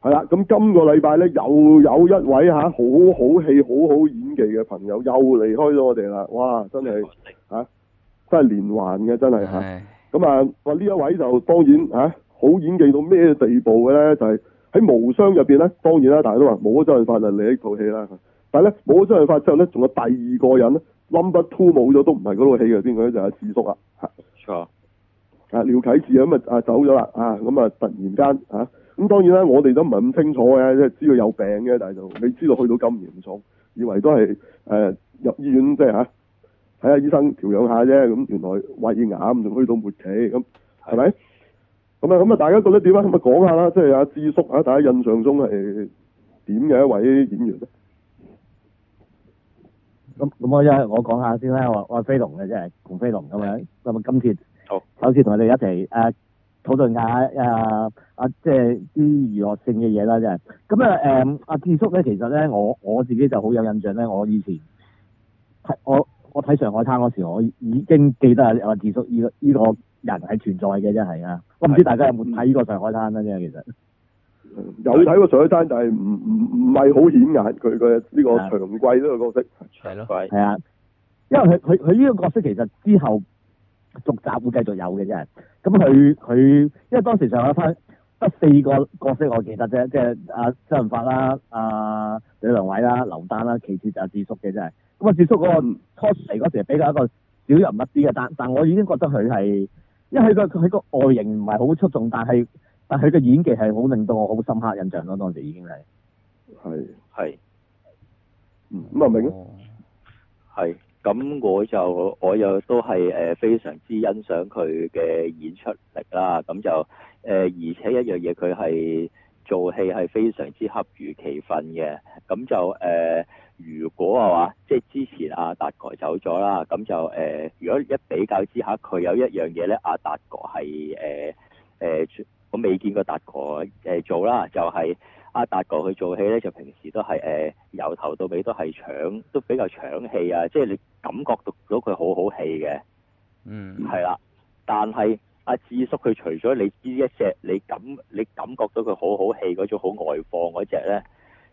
係啦，咁今個禮拜咧，又有一位吓、啊、好好戲、好好演技嘅朋友又離開咗我哋啦。哇，真係吓、啊，真係連環嘅，真係吓。咁啊，話呢一位就當然吓、啊、好演技到咩地步嘅咧？就係、是、喺《無雙》入邊咧，當然啦，大家都話冇咗周潤發就另一套戲啦。但係咧，冇咗周潤發之後咧，仲有第二個人 number two 冇咗都唔係嗰套戲嘅，邊個咧？就阿、是、智叔啦，錯。阿廖啟智咁啊，就走咗啦，啊咁啊，突然間啊。咁當然啦，我哋都唔係咁清楚嘅，即係知道有病嘅，但係就未知道去到咁嚴重，以為都係誒入醫院即係嚇，睇下醫生調養下啫。咁原來胃癌仲去到末期，咁係咪？咁啊咁啊，大家覺得點啊？咁啊講下啦，即係阿智叔啊，大家印象中係點嘅一位演員咧？咁咁我一我講下先啦，我我飛龍嘅即係窮飛龍咁樣，咁啊今次，好，首先同我哋一齊誒。討論下誒啊，即係啲娛樂性嘅嘢啦，即係咁啊誒，阿智叔咧，其實咧，我我自己就好有印象咧，我以前睇我我睇上海灘嗰時，我已經記得阿啊，智叔呢個呢個人係存在嘅，真係啊！我唔知大家有冇睇依個上海灘咧，啊？即係其實有睇過上海灘，但係唔唔唔係好顯眼，佢佢呢個長貴呢個角色，長貴係啊，因為佢佢佢呢個角色其實之後。續集會繼續有嘅，真係。咁佢佢，因為當時上咗翻得四個角色我記得啫，即係阿周潤發啦、阿、呃、李良偉啦、劉丹啦，其次就係智叔嘅，真係。咁啊，智叔嗰個初嚟嗰時係比較一個小人物啲嘅，但但我已經覺得佢係，因為佢個佢個外形唔係好出眾，但係但係佢嘅演技係好令到我好深刻印象咯。當時已經係，係係，嗯咁啊，明咯，係。咁我就我又都係非常之欣賞佢嘅演出力啦。咁就而且一樣嘢佢係做戲係非常之恰如其分嘅。咁就、呃、如果係話即係之前阿達哥走咗啦。咁就、呃、如果一比較之下，佢有一樣嘢咧，阿達哥係誒、呃呃、我未見過達哥做啦，就係、是。阿、啊、達哥去做戲咧，就平時都係誒，由、呃、頭到尾都係搶，都比較搶戲啊！即係你感覺到到佢好好戲嘅，嗯，係啦。但係阿智叔佢除咗你呢一隻，你感你感覺到佢好好戲嗰、嗯啊、種好那種外放嗰隻咧，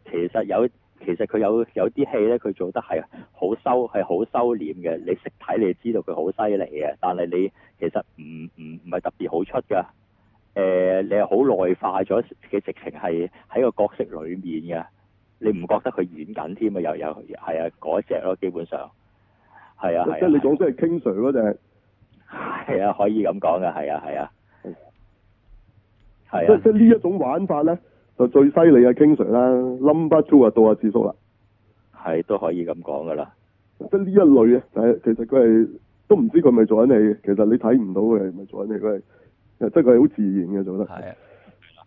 其實有其實佢有有啲戲咧，佢做得係好收係好收斂嘅。你識睇，你就知道佢好犀利嘅，但係你其實唔唔唔係特別好出㗎。呃、你係好內化咗嘅，直情係喺個角色裏面嘅，你唔覺得佢演緊添啊？又有係啊，嗰隻咯，那個、基本上係啊，是啊，即係你講即係 King Sir 嗰隻係啊，可以咁講噶係啊係啊，啊，啊，啊，即係呢一種玩法咧，就最犀利嘅 King Sir 啦，Number Two 到阿智叔啦，係、啊、都可以咁講噶啦，即係呢一類啊，其實佢係都唔知佢咪做緊戲，其實你睇唔到嘅，咪做緊戲。佢即係佢係好自然嘅做得，係啊。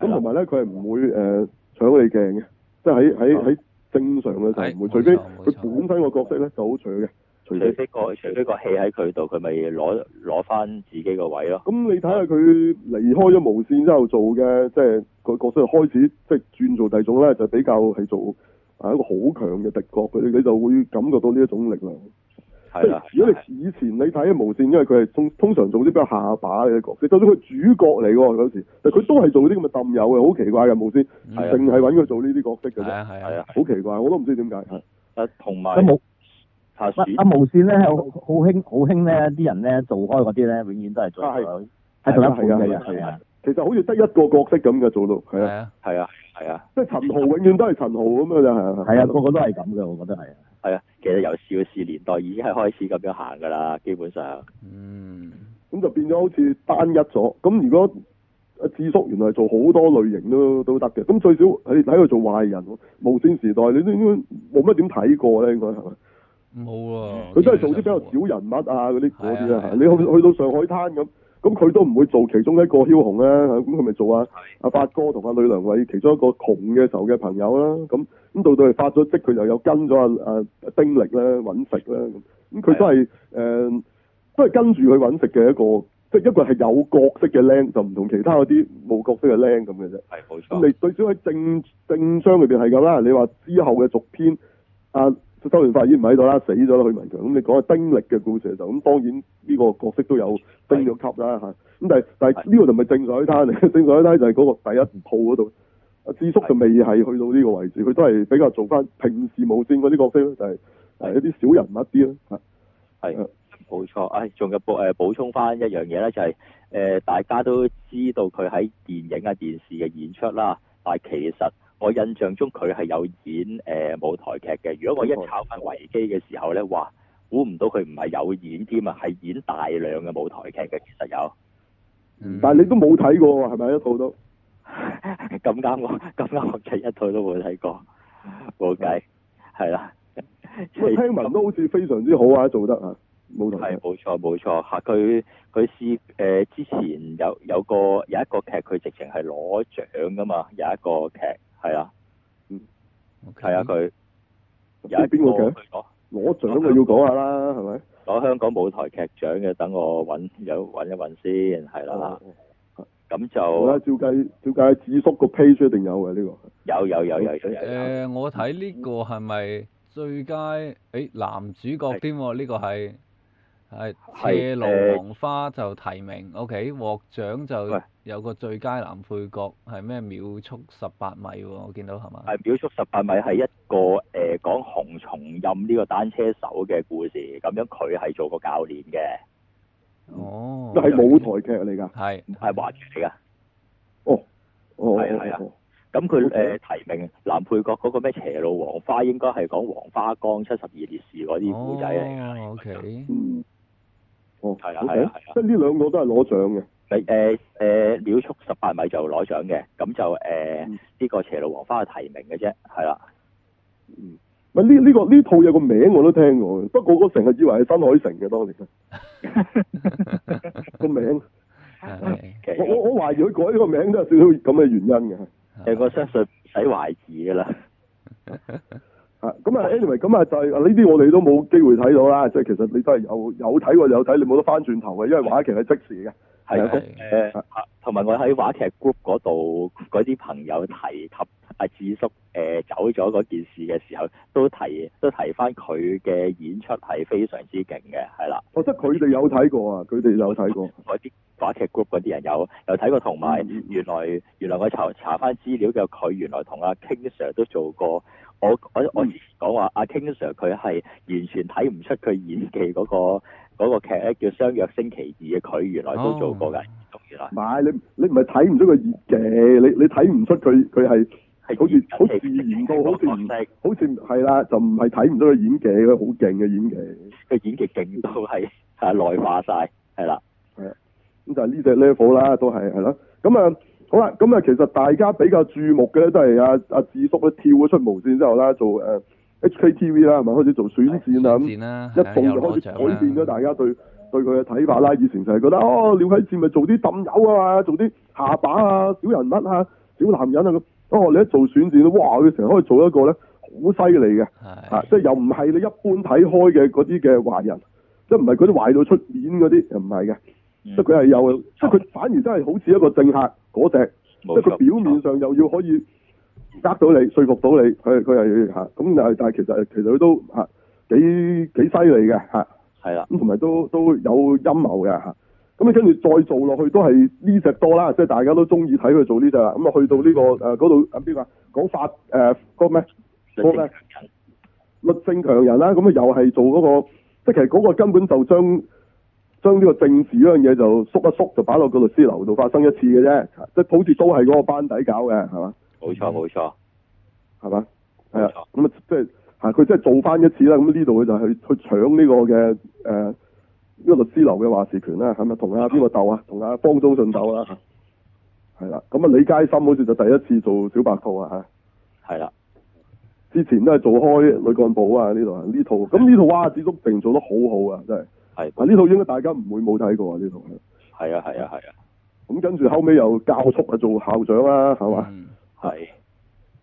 咁同埋咧，佢係唔會誒、呃、搶你鏡嘅，即係喺喺喺正常嘅時就唔會，除非佢本身個角色咧就好搶嘅。除非個，除非，除非個戲喺佢度，佢咪攞攞翻自己個位咯。咁你睇下佢離開咗無線之後做嘅，即係個角色開始即係、就是、轉做第二種咧，就是、比較係做係一個好強嘅敵角，佢你就會感覺到呢一種力量。係如果你以前你睇啊無線，因為佢係通通常做啲比較下把嘅角色，就算佢主角嚟喎，嗰時，但佢都係做啲咁嘅氹友嘅。好奇怪嘅無線，淨係搵佢做呢啲角色嘅啫，係係啊，好、啊、奇怪，我都唔知點解。同埋阿阿無線咧，好興好興咧，啲、啊、人咧做開嗰啲咧，永遠都係做喺同一部嘅係係啊係啊，啊，啊，啊，啊。其實好似得一個角色咁嘅做到，係啊係啊係啊，即係陳豪永遠都係陳豪咁嘅係啊係啊，個個都係咁嘅，我覺得係。係啊，其實由小時年代已經係開始咁樣行噶啦，基本上。嗯。咁就變咗好似單一咗。咁如果阿智叔原來做好多類型都都得嘅，咁最少喺喺度做壞人，無綫時代你都應該冇乜點睇過咧，應該係咪？冇啊！佢真係、啊、做啲比較小人物啊，嗰啲嗰啲啊，啊，你去去到上海灘咁。咁佢都唔會做其中一個梟雄啦，啊。咁佢咪做啊？阿，啊、發哥同阿呂良偉其中一個窮嘅時候嘅朋友啦，啊，咁咁到到係發咗職，佢又有跟咗阿阿丁力咧，啊、揾食啦，啊。咁咁佢都係誒，呃、都係跟住佢揾食嘅一個，即、就是、一個係有角色嘅僆，就唔同其他嗰啲冇角色嘅僆咁嘅啫。係冇錯，對。咁你最少喺政政商裏面係咁啦，你話之後嘅續篇啊。周潤發已經唔喺度啦，死咗啦許文強。咁你講係丁力嘅故事就咁，當然呢個角色都有升咗級啦吓。咁但係但係呢個不是是就唔係正上海灘嚟，正上海灘就係嗰個第一鋪嗰度。阿智叔就未係去到呢個位置，佢都係比較做翻平時冇綫嗰啲角色咯，就係、是、係一啲小人物啲咯。係，冇錯。誒，仲有補誒補充翻一樣嘢咧，就係、是、誒、呃、大家都知道佢喺電影啊、電視嘅演出啦，但係其實。我印象中佢係有演誒、呃、舞台劇嘅。如果我一查翻維基嘅時候呢，哇！估唔到佢唔係有演添啊，係演大量嘅舞台劇嘅。其實有，嗯、但係你都冇睇過喎，係咪一套都咁啱我？咁啱我睇一套都冇睇過，冇 計，係 啦、啊。我聽聞都好似非常之好啊，做得冇冇啊，冇錯，冇錯冇錯嚇。佢佢是誒之前有有個有一個劇，佢直情係攞獎㗎嘛，有一個劇。係啊，嗯，係啊，佢又係邊個獎。攞獎咪要講下啦，係咪？攞香港舞台劇獎嘅，等我揾有揾一揾先，係啦、啊。咁、oh，嗯、就照計，照計，智叔個 page 一定有嘅、啊、呢、這個。有有有有有誒、嗯呃，我睇呢個係咪最佳誒、欸、男主角添？呢、這個係。係《斜路黃花》就提名，O K，獲獎就有個最佳男配角，係咩秒速十八米喎？我見到係嘛？係秒速十八米係一個誒講、呃、洪松蔭呢個單車手嘅故事，咁樣佢係做個教練嘅。哦，係舞台劇嚟噶，係係話劇嚟噶。哦，係啊係啊，咁佢誒提名男配角嗰個咩《斜路黃花》應該係講黃花崗七十二烈士嗰啲故仔嚟噶。O、哦、K。是哦、oh, okay.，係啊，係啊，即係呢兩個都係攞獎嘅。咪誒誒，秒速十八米就攞獎嘅，咁就誒呢、呃嗯這個斜路黃花係提名嘅啫，係啦。係呢呢個呢套有個名我都聽過，不過我成日以為係新海誠嘅當年。 okay. 個名，我我我懷疑佢改呢個名都係少少咁嘅原因嘅。誒，我相信唔使懷疑噶啦。啊，咁、嗯、啊、嗯，anyway，咁啊就係呢啲我哋都冇機會睇到啦，即係其實你真係有有睇過就有睇，你冇得翻轉頭嘅，因為話劇係即時嘅。係啊，誒，同埋我喺話劇 group 嗰度嗰啲朋友提及阿、啊、智叔誒、呃、走咗嗰件事嘅時候，都提都提翻佢嘅演出係非常之勁嘅，係啦。我覺得佢哋有睇過啊，佢哋有睇過、啊。嗰、啊、啲話劇 group 嗰啲人有有睇過，同埋原來、嗯、原來我查查翻資料嘅佢，原來同阿、啊、King Sir 都做過。我我我以前講話阿 King Sir 佢係完全睇唔出佢演技嗰、那個嗰、嗯那個、劇叫《相約星期二》嘅佢原來都做過㗎、啊，原來唔係你你唔係睇唔出佢演技，你你睇唔出佢佢係係好似好自然到，好似唔好似係啦，就唔係睇唔到佢演技，佢好勁嘅演技。佢演技勁到係係內化晒。係啦，咁就係呢隻 level 啦，都係係咯，咁啊。呃 啊呃好啦，咁啊，其實大家比較注目嘅咧，都係阿阿智叔咧跳咗出無線之後咧，做誒、呃、HKTV 啦、啊，係咪開始做選戰啊？咁啦，一動就開始改變咗大家對對佢嘅睇法啦。以前就係覺得哦，廖啟智咪做啲抌友啊，做啲下巴啊，小人物啊，小男人啊。哦、啊啊，你一做選戰，哇，佢成日可以做一個咧，好犀利嘅，啊，即係又唔係你一般睇開嘅嗰啲嘅壞人，即係唔係嗰啲壞到出面嗰啲，唔係嘅，即係佢係有，即佢反而真係好似一個政客。嗰隻，即係佢表面上又要可以呃到你，說服到你，佢佢係嚇咁啊！但係其實其實佢都嚇幾幾犀利嘅嚇。係啦，咁同埋都都有陰謀嘅嚇。咁啊，跟住再做落去都係呢隻多啦，即係大家都中意睇佢做呢隻啦。咁啊，去到呢個誒嗰度，講邊個講法誒嗰個咩？咩？律政強人啦，咁啊又係做嗰個，即係其實嗰個根本就將。將呢個政治嗰樣嘢，就縮一縮，就擺落個律師樓度發生一次嘅啫，即係好似都係嗰個班底搞嘅，係嘛？冇錯冇錯，係、嗯、嘛？冇錯啊，咁啊，即係啊，佢即係做翻一次啦。咁呢度佢就去去搶呢個嘅誒呢個律師樓嘅話事權啦，係咪同阿邊個鬥啊？同阿、啊、方中信鬥啦，係啦。咁啊，啊李佳心好似就第一次做小白兔啊吓，係啦。之前都係做開女幹部啊，呢度呢套。咁呢套哇、啊，子竹定做得好好啊，真係。係，嗱呢套應該大家唔會冇睇過啊！呢套係啊係啊係啊，咁跟住後尾又教速啊，做校長啦，係、嗯、嘛，係，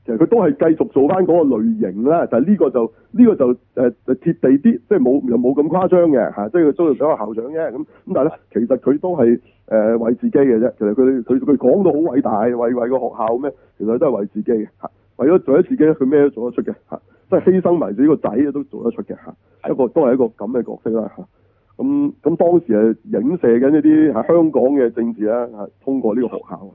其實佢都係繼續做翻嗰個類型啦，就係呢個呃，但係呢個就呢個就誒誒貼地啲，即係冇又冇咁誇張嘅吓，即係佢都係做一個校長啫，咁咁但係咧，其實佢都係誒、呃、為自己嘅啫，其實佢佢佢講到好偉大為為個學校咩，其實佢都係為自己嘅吓，為咗做咗自己，佢咩都做得出嘅吓，即係犧牲埋自己個仔都做得出嘅吓，一個都係一個咁嘅角色啦吓。咁、嗯、咁、嗯、當時係影射緊一啲係香港嘅政治啦，通過呢個學校啊。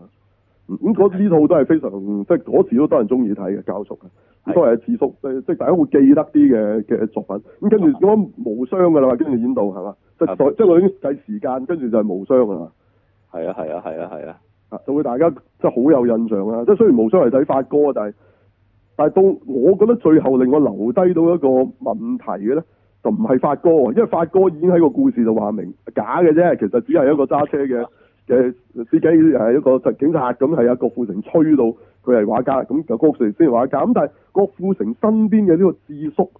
咁嗰呢套都係非常即係嗰時都多人中意睇嘅教叔咁都係智叔，即係即係大家會記得啲嘅嘅作品。咁跟住如果無雙嘅啦，跟住演導係嘛，即係即係我已經計時間，跟住就係無雙啦。係啊係啊係啊係啊啊就會大家即係好有印象啊！即係雖然無雙係睇發哥，但係但係到我覺得最後令我留低到一個問題嘅咧。就唔係發哥，因為發哥已經喺個故事度話明假嘅啫，其實只係一個揸車嘅嘅司機，係、嗯、一個警察咁，係阿郭富城吹到佢係畫家，咁就郭富城先係畫家。咁但係郭富城身邊嘅呢個智叔，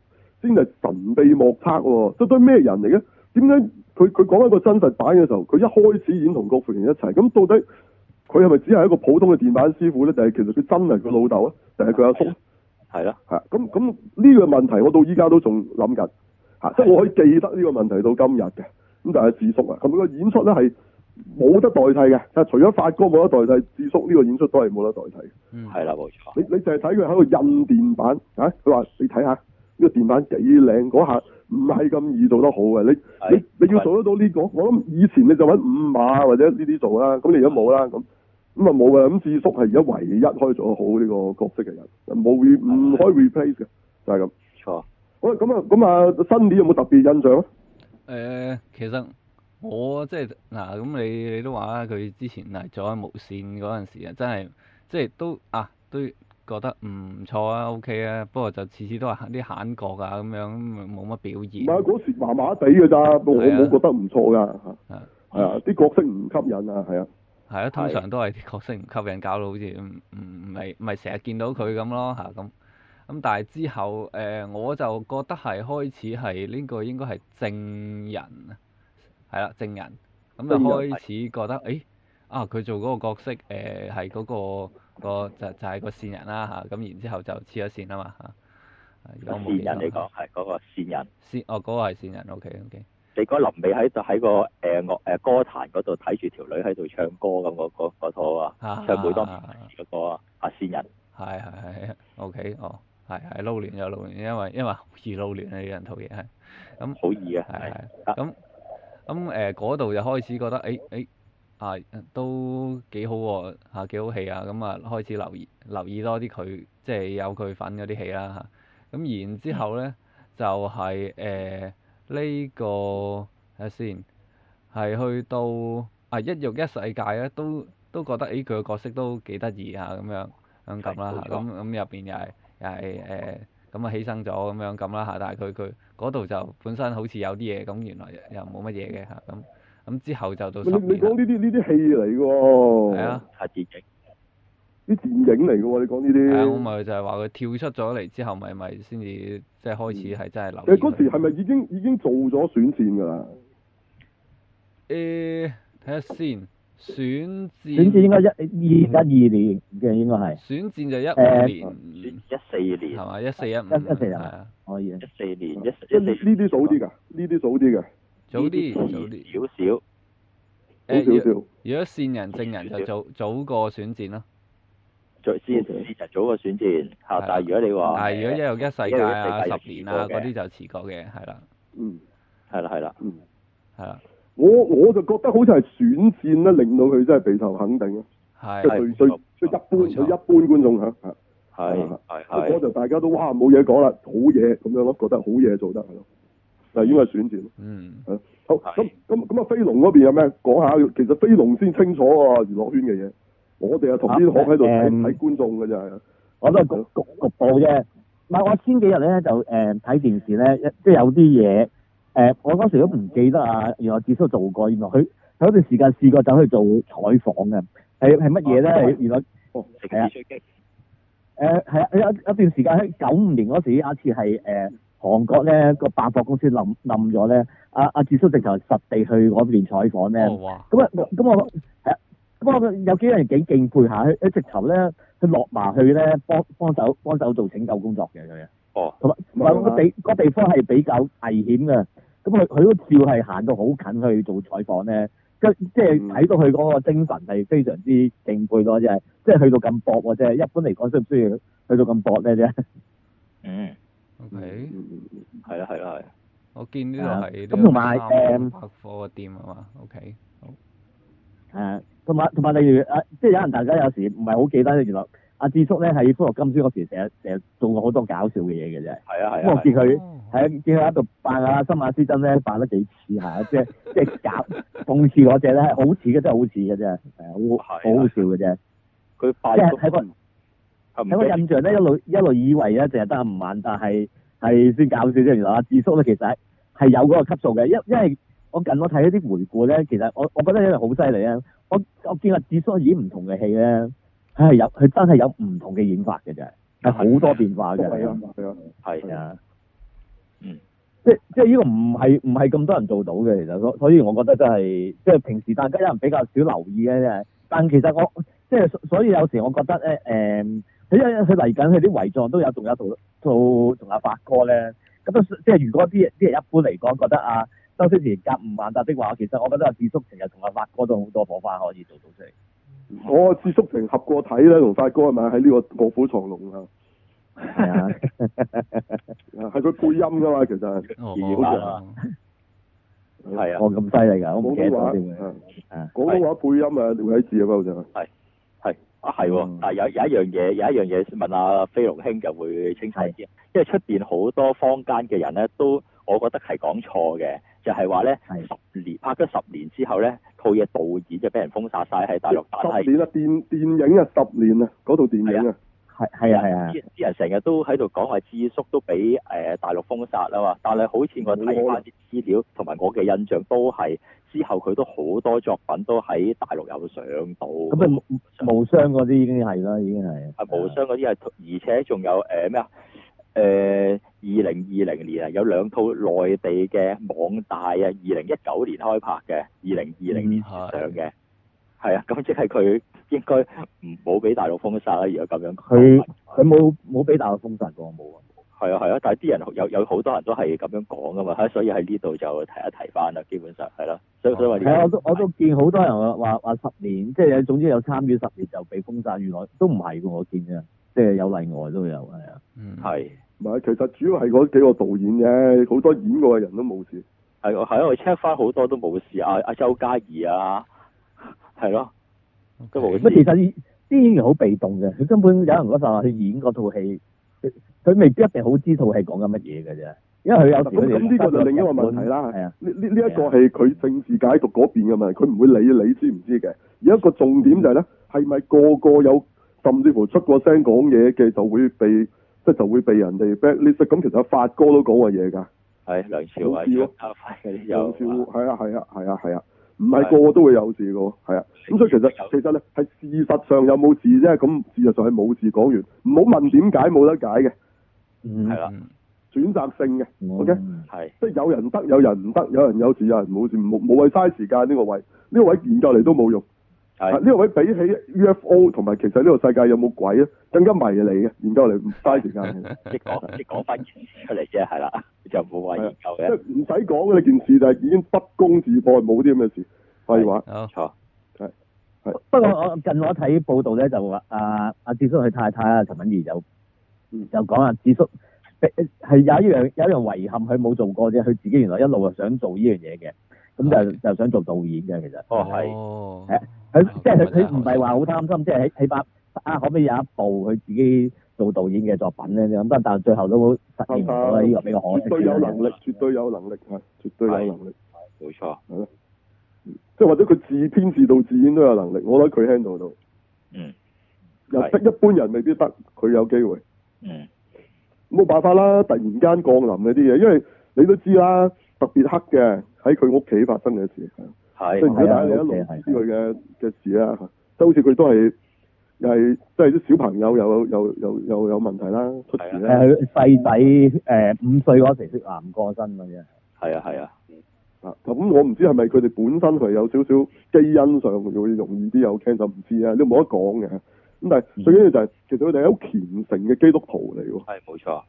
先係神秘莫測，到底咩人嚟嘅？點解佢佢講一個真實版嘅時候，佢一開始已經同郭富城一齊？咁到底佢係咪只係一個普通嘅電板師傅咧？定、就、係、是、其實佢真係佢老豆啊？定係佢阿叔？係啦，係咁咁呢個問題，我到依家都仲諗緊。即係我可以記得呢個問題到今日嘅，咁就係智叔啊。咁個演出咧係冇得代替嘅，除咗發哥冇得代替，智叔呢個演出都係冇得代替嘅。嗯，係啦，冇錯。你你淨係睇佢喺度印電板啊，佢話你睇下呢個電板幾靚，嗰下唔係咁易做得好嘅。你你你要做得到呢、這個，我諗以前你就搵五馬或者呢啲做啦。咁你而家冇啦，咁咁啊冇嘅。咁智叔係而家唯一可以做得好呢個角色嘅人，冇唔可以 replace 嘅，就係、是、咁。啊喂，咁啊，咁啊，新年有冇特別印象啊？誒，其實我即係嗱，咁、啊、你你都話啦，佢之前嗱做阿無線嗰陣時啊，真係即係都啊都覺得唔錯啊，OK 啊，不過就次次都係行啲閒角啊咁樣，冇乜表現。唔係啊，嗰時麻麻地㗎咋，我冇覺得唔錯㗎嚇。係啊，啲、啊、角色唔吸引啊，係啊。係啊,啊,啊,啊,啊,啊,啊，通常都係啲角色唔吸引，搞到好似唔唔唔係唔係成日見到佢咁咯嚇咁。啊咁但係之後、呃，我就覺得係開始係呢、這個應該係證人，係啦，證人。咁就開始覺得，誒、哎、啊佢做嗰個角色，誒係嗰個、那個那個、就就是、係個線人啦嚇。咁、啊、然之後就黐咗線了嘛啊嘛嚇。線人你講，係嗰個線人。線、那個、哦，嗰、那個係線人。O K O K。你、那、嗰、個、臨尾喺度喺個誒樂誒歌壇嗰度睇住條女喺度唱歌咁，嗰套啊，唱每當變幻時嗰個啊，啊，啊，啊，啊，啊，啊線人。係係係。O、OK, K 哦。係係撈亂有撈亂，因為因為易撈亂好易撈亂啊，啲人套嘢係，咁好易啊係係咁咁誒嗰度就開始覺得誒誒、欸欸、啊都幾好喎、啊、嚇幾好戲啊，咁啊開始留意留意多啲佢即係有佢份嗰啲戲啦、啊、嚇。咁然之後咧就係誒呢個睇下先，係去到啊一肉一世界咧、啊、都都覺得誒佢嘅角色都幾得意嚇咁樣咁咁啦嚇，咁咁入邊又係。係誒，咁啊起升犧牲咗咁樣咁啦嚇，但係佢佢嗰度就本身好似有啲嘢，咁原來又冇乜嘢嘅嚇咁。咁之後就到。你你講呢啲呢啲戲嚟喎、哦？係啊，係電影。啲電影嚟嘅喎，你講呢啲。係啊，我咪就係話佢跳出咗嚟之後，咪咪先至即係開始係真係流。其實嗰時係咪已經已經做咗選線㗎啦？誒、呃，睇下先。選戰，選戰應該一、嗯、二一二,二年嘅應該係，選戰就一五年，選一四年係嘛？一四一五一四啊，哦、啊，一四年一一四年，呢啲早啲噶，呢啲早啲嘅，早啲少少，少少。如果線人證人就早就早過選戰咯，早先先早過選戰，吓、啊！但係如果你話，但係如果一又一,、啊、一,一世界啊、十年啊嗰啲就遲過嘅，係啦、啊，嗯，係啦係啦，嗯，係啦、啊。我我就覺得好似係選戰咧，令到佢真係備受肯定啊，即係最一般最一般觀眾係係係係係係係係我就大家都哇冇嘢講啦，好嘢咁樣咯，覺得好嘢做得係咯，但係應該係選戰。嗯，好咁咁咁啊！係咁咁咁咁，飛龍嗰邊有咩講下？其實飛龍先清楚啊，娛樂圈嘅嘢，我哋啊同啲學喺度睇睇觀眾嘅啫、啊嗯。我都係局局局局嘅。唔係，我前幾日咧就誒睇電視咧，即係有啲嘢。誒、呃，我嗰時都唔記得啊！原來智叔做過，原來佢有一段時間試過走去做採訪嘅，係係乜嘢咧？原來哦，係啊、哦呃、啊，啊，啊，啊！有一段時間喺九五年嗰時，一、啊、次係誒、呃、韓國咧個百貨公司冧冧咗咧，阿阿智叔直頭實地去嗰邊採訪咧、哦。哇！咁、嗯嗯嗯嗯嗯、啊咁我啊咁我有幾個人幾敬佩下，直呢去直頭咧去落埋去咧幫幫手幫手做拯救工作嘅咁啊。哦。同埋嗰地個地方係比較危險嘅。咁佢佢都照係行到好近去做採訪咧，即即係睇到佢嗰個精神係非常之敬佩咯，即係即係去到咁搏喎，即係一般嚟講需唔需要去到咁搏咧啫？嗯，OK，係啦係啦係。我見呢度係咁同埋誒拍貨店係嘛？OK，好。同埋同埋例如即係、啊即係、有人大家有時唔係好記得娛樂。原來阿、啊、智叔咧，喺《歡樂今宵》嗰時，成日成日做過好多搞笑嘅嘢嘅啫。係啊係啊，啊，啊，見佢喺見佢喺度扮吓新馬師曾咧，扮得幾似吓， 即係即係搞諷刺嗰隻咧，係好似嘅真係好似嘅啫，係好、啊、好好笑嘅啫。佢扮人，係個，個印象咧，一路一路以為咧，淨係得唔滿，但係係先搞笑啫。原來阿智叔咧，其實係有嗰個級數嘅。因因為我近我睇一啲回顧咧，其實我我覺得真係好犀利啊！我我見阿智叔演唔同嘅戲咧。係有，佢真係有唔同嘅演法嘅，啫，係好多變化嘅，係啊，係啊、嗯，嗯，即係即係呢個唔係唔係咁多人做到嘅，其實所所以我覺得都、就、係、是、即係平時大家有人比較少留意嘅，但係其實我即係所以有時我覺得咧，誒、嗯，因佢嚟緊佢啲遺狀都有，仲有同同同阿發哥咧，咁即係如果啲啲人一般嚟講覺得啊，周星馳夾吳孟達的話，其實我覺得阿智叔成日同阿發哥都好多火花可以做到出嚟。我智叔平合過體咧，同發哥係咪喺呢個臥虎藏龍啊？係啊，係佢配音㗎嘛，其實 好、啊，好似啊，係、哦、啊，咁犀利㗎，我冇記得咗點嘅。廣東話配音啊，廖啟智啊嘛，好似係係啊，係、哦嗯、但有有一樣嘢，有一樣嘢問阿、啊、飛龍兄就會清楚啲、啊，因為出面好多坊間嘅人咧，都我覺得係講錯嘅。就係話咧，十年拍咗十年之後咧，套嘢導演就俾人封殺晒喺大陸但係，十年啊，電電影啊，十年啊，嗰套電影啊，係係啊，啲人啲人成日都喺度講話，智叔都俾誒大陸封殺啊嘛。但係好似我睇翻啲資料同埋我嘅印象都係，之後佢都好多作品都喺大陸有上到。咁啊，無無雙嗰啲已經係啦，已經係。係無雙嗰啲係，而且仲有誒咩啊？呃誒、呃，二零二零年啊，有兩套內地嘅網大啊，二零一九年開拍嘅，二零二零年上嘅。係、嗯、啊，咁即係佢應該唔冇俾大陸封殺啦，如果咁樣，佢佢冇冇俾大陸封殺過，我冇啊，係啊係啊，但係啲人有有好多人都係咁樣講噶嘛，所以喺呢度就提一提翻啦，基本上係咯，所以、啊、所以係我都我都見好多人話話十年，即係總之有參與十年就俾封殺越來，原來都唔係噶，我見啫。即係有例外都有，係啊，嗯，係，唔係，其實主要係嗰幾個導演啫，好多演過嘅人都冇事，係，我係我 check 翻好多都冇事，阿阿周家怡啊，係咯，都冇事。其實啲演員好被動嘅，佢根本有人嗰陣去演嗰套戲，佢未必一定好知套戲講緊乜嘢嘅啫，因為佢有時他有部部。咁咁呢個就另一個問題啦，係、嗯、啊，呢呢呢一個係佢政治解讀嗰邊嘅問題，佢唔會理你知唔知嘅。而一個重點就係、是、咧，係咪個個有？甚至乎出個聲講嘢嘅就會被即、就是、就會被人哋 blacklist。咁其實發哥都講過嘢㗎。係梁朝偉。有事有。梁朝。係啊係啊係啊啊。唔係、啊啊啊啊啊啊、個個都會有事嘅。係啊。咁、啊、所以其實其實咧係事實上有冇事啫。咁事實上係冇事講完，唔好問點解冇得解嘅。係啦、啊。選擇、啊、性嘅。O、嗯、K。係、okay？啊。即係、啊就是、有人得，有人唔得，有人有事，有人冇事，冇冇謂嘥時間呢、呢個位。呢、呢個、位，呢個、位研究嚟都冇用。呢、啊這個位比起 UFO 同埋，其實呢個世界有冇鬼咧，更加迷你嘅研究你唔嘥時間。即講即講翻件事出嚟啫，係啦，就冇話研究嘅，唔使講呢件事就係已經不攻自破，冇啲咁嘅事，廢話。錯，係係。不過我近我睇報道咧，就阿阿、啊、智叔佢太太啊陳敏兒就就講啦，智叔係有一樣有一樣遺憾，佢冇做過啫，佢自己原來一路啊想做呢樣嘢嘅。咁就就想做導演嘅，其實哦係，係佢即係佢佢唔係話好貪心，即係起碼啊可唔可以有一部佢自己做導演嘅作品咧咁，但係最後都實現唔到啊呢、這個比較可惜。絕對有能力，絕對有能力啊，絕對有能力，冇、啊、錯，係咯，即、啊、係、嗯、或者佢自編自導自演都有能力，我諗佢 handle 到，n 嗯，又得一般人未必得，佢有機會，嗯，冇辦法啦，突然間降臨嗰啲嘢，因為你都知啦，特別黑嘅。喺佢屋企發生嘅事係，即係如果大家一路留意之類嘅嘅事啦，即係好似佢都係又係，即係啲小朋友又又又又有問題啦，出事啦。誒細仔誒五歲嗰陣時識癌過身嘅啫。係啊係啊，啊咁我唔知係咪佢哋本身佢有少少基因上會容易啲有聽就唔知啊，呢冇得講嘅。咁但係最緊要就係其實佢哋係好虔誠嘅基督徒嚟喎。係冇錯。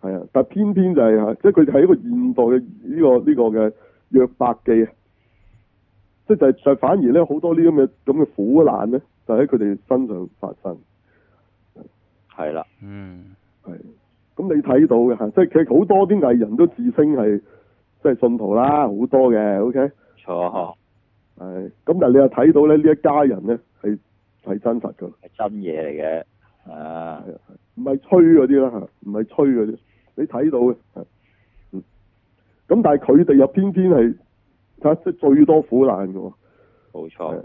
係啊，但係偏偏就係、是、嚇，即係佢哋係一個現代嘅呢、這個呢、這個嘅。約伯記，即係就就反而咧，好多呢咁嘅咁嘅苦難咧，就喺佢哋身上發生。係啦，嗯，係。咁你睇到嘅，即係其實好多啲藝人都自稱係即係信徒啦，好多嘅，OK。錯，係。咁但係你又睇到咧，呢一家人咧係係真實噶，係真嘢嚟嘅，啊，唔係吹嗰啲啦吓，唔係吹嗰啲，你睇到嘅。咁但係佢哋又偏偏係，睇即係最多苦難嘅，冇錯，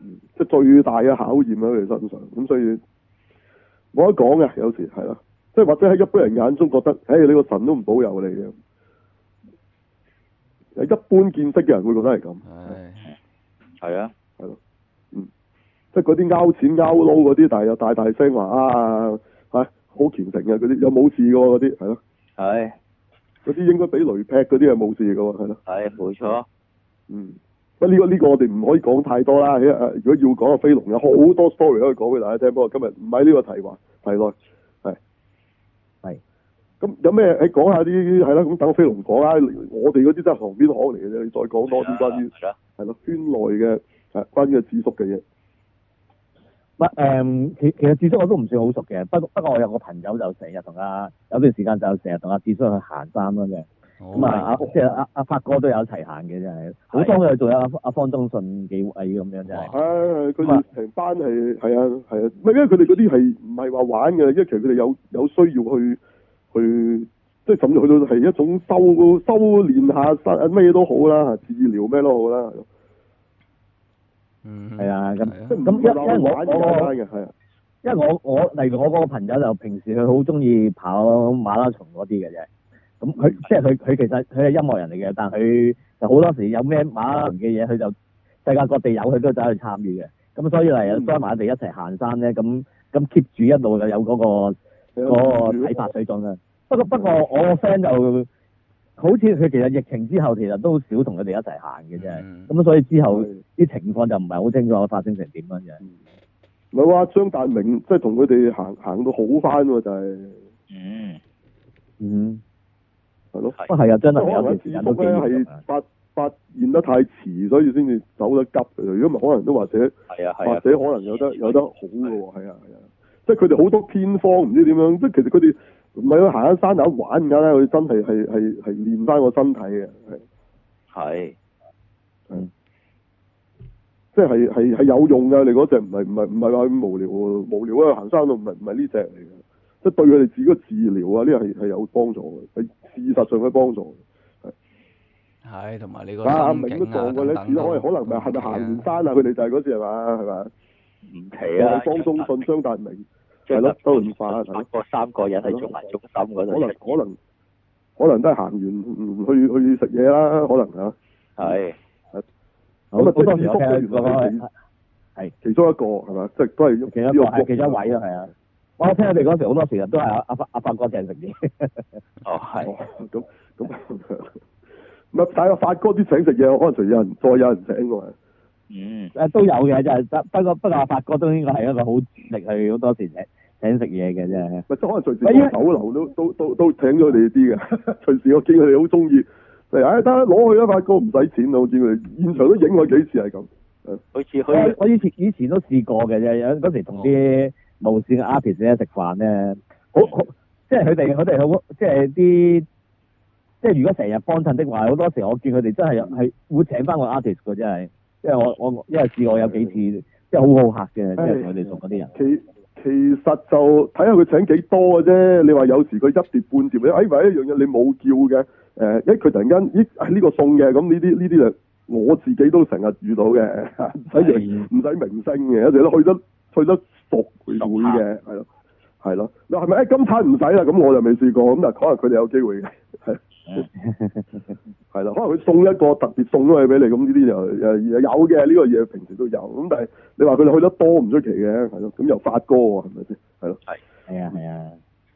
即係、嗯、最大嘅考驗喺佢哋身上。咁所以，冇得講嘅，有時係啦，即係或者喺一般人眼中覺得，唉、哎，你個神都唔保佑你嘅，一般見識嘅人會覺得係咁，係，係啊，係咯，嗯，即係嗰啲勾錢勾撈嗰啲，但係又大大聲話啊，係、啊、好虔誠嘅嗰啲，有冇事嘅嗰啲，係咯，係。嗰啲應該俾雷劈嗰啲係冇事㗎喎，係咯。係，冇錯。嗯，不過呢個呢個我哋唔可以講太多啦。如果要講啊，飛龍有好多 story 可以講俾大家聽，不過今日唔係呢個題話題內，係。係。咁有咩？誒，講下啲係啦。咁等飛龍講啦。我哋嗰啲都係旁邊行嚟嘅啫。你再講多啲關於係咯圈內嘅誒，關於嘅私嘅嘢，不、嗯，其其實智叔我都唔算好熟嘅，不過不過我有個朋友就成日同阿有段時間就成日同阿智叔去行山啦嘅，咁、哦、啊阿即係阿阿發哥都有一齊行嘅真係，好當佢做阿阿方中信幾位咁樣真係。佢哋成班係係啊係啊，唔係、啊啊啊啊、因為佢哋嗰啲係唔係話玩嘅，因為其實佢哋有有需要去去，即係甚至去到係一種修修練下山咩都好啦，治療咩都好啦。嗯，係 啊，咁，咁，因、啊、因為我，啊、我，係啊，啊，因為我，我，例如我嗰個朋友就平時佢好中意跑馬拉松嗰啲嘅啫，咁佢即係佢，佢 其實佢係音樂人嚟嘅，但係佢就好多時有咩馬拉松嘅嘢，佢就世界各地有，佢都走去參與嘅。咁所以嚟啊 join 埋我哋一齊行山咧，咁咁 keep 住一路就有嗰、嗰個嗰、 嗰個體魄水準啊 。不過不過我個 friend 就～好似佢其實疫情之後，其實都好少同佢哋一齊行嘅啫。咁、嗯、所以之後啲情況就唔係好清楚發生成點樣嘅。唔係喎，張達明即係同佢哋行行到好翻喎，就係。嗯。就是、嗯。係咯。係啊、哦，張達明有件事引到係發現得太遲，所以先至走得急。如果唔係，可能都或者，或者可能有得有得好嘅喎。係啊，係啊。即係佢哋好多偏方，唔知點樣。即係其實佢哋。唔係佢行下山就玩咁解，佢真係係係係練翻個身體嘅，係，係，即係有用噶。你嗰隻唔係唔係唔係話咁無聊喎，無聊啊行山都唔係唔係呢隻嚟嘅，即係對佢哋自己嘅治療啊，呢係係有幫助嘅，係事實上係幫助嘅。係，同埋呢個阿、啊啊、明都講喎，你可能可能咪行完山啊？佢哋就係嗰次係嘛係嘛？唔奇啊，方中信、張達明。係、就、啦、是，多元化。不過三個人係做埋中心嗰度，可能可能可能都係行完唔去去食嘢啦，可能吓。係。咁啊，最多要多幾個。係。其中一個係咪即係都係？其中一位咯，係啊。我聽佢哋嗰時好多時都係阿阿阿發哥請食嘢。哦、啊，係、啊。咁咁，唔係但係發哥啲請食嘢，仲有人，再有人食嘅嗯，誒都有嘅，真係，不過不過，阿發哥都應該係一個好力去好多時請請食嘢嘅，啫。係。可能隨時啲酒樓都都都都請咗你啲嘅，隨時我見佢哋好中意嚟，唉得攞去啦！發哥唔使錢啦，我見佢哋現場都影我幾次係咁。誒、嗯，好、嗯、似、嗯、我我以前以前都試過嘅，啫。有陣時同啲無線嘅 artist 咧食飯咧，好好即係佢哋，佢哋好即係啲，即係如果成日幫襯的話，好多時我見佢哋真係係會請返個 artist 嘅，真係。即係我我因為試過我有幾次即係好好客嘅，即係佢哋送嗰啲人。其實其實就睇下佢請幾多嘅啫。你話有時佢一碟半碟，哎咪一樣嘢，你冇叫嘅。誒，一佢突然間咦，係、哎、呢、這個送嘅，咁呢啲呢啲就我自己都成日遇到嘅，唔使明唔使明星嘅，有陣都去得的去得熟聚會嘅，係咯係咯。你係咪誒？今餐唔使啦，咁、哎、我就未試過，咁但可能佢哋有機會嘅。係 啦，可能佢送一個特別送咗嘢俾你，咁呢啲就有嘅呢，呢個嘢，平時都有。咁但係你話佢哋去得多唔出奇嘅，係咯。咁又發哥喎，係咪先？係咯。係係啊係啊。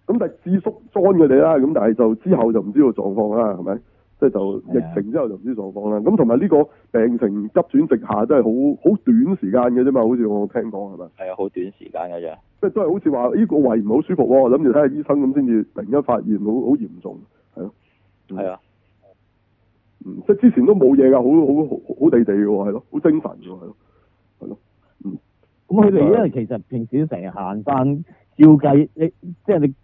咁、嗯、但係智叔 join 佢哋啦，咁但係就之後就唔知道狀況啦，係咪？即、就、係、是、就疫情之後就唔知狀況啦。咁同埋呢個病情急轉直下，真係好好短時間嘅啫嘛。好似我聽講係咪？係啊，好短時間嘅啫。即係都係好似話呢個胃唔好舒服，諗住睇下醫生咁，先至突然間發現好好嚴重。係啊，嗯，即係之前都冇嘢噶，好好好好地地嘅係咯，好、啊、精神嘅係咯，係咯、啊，嗯、啊。咁佢哋因為，其實平時都成日行山，照計你即係、就是、你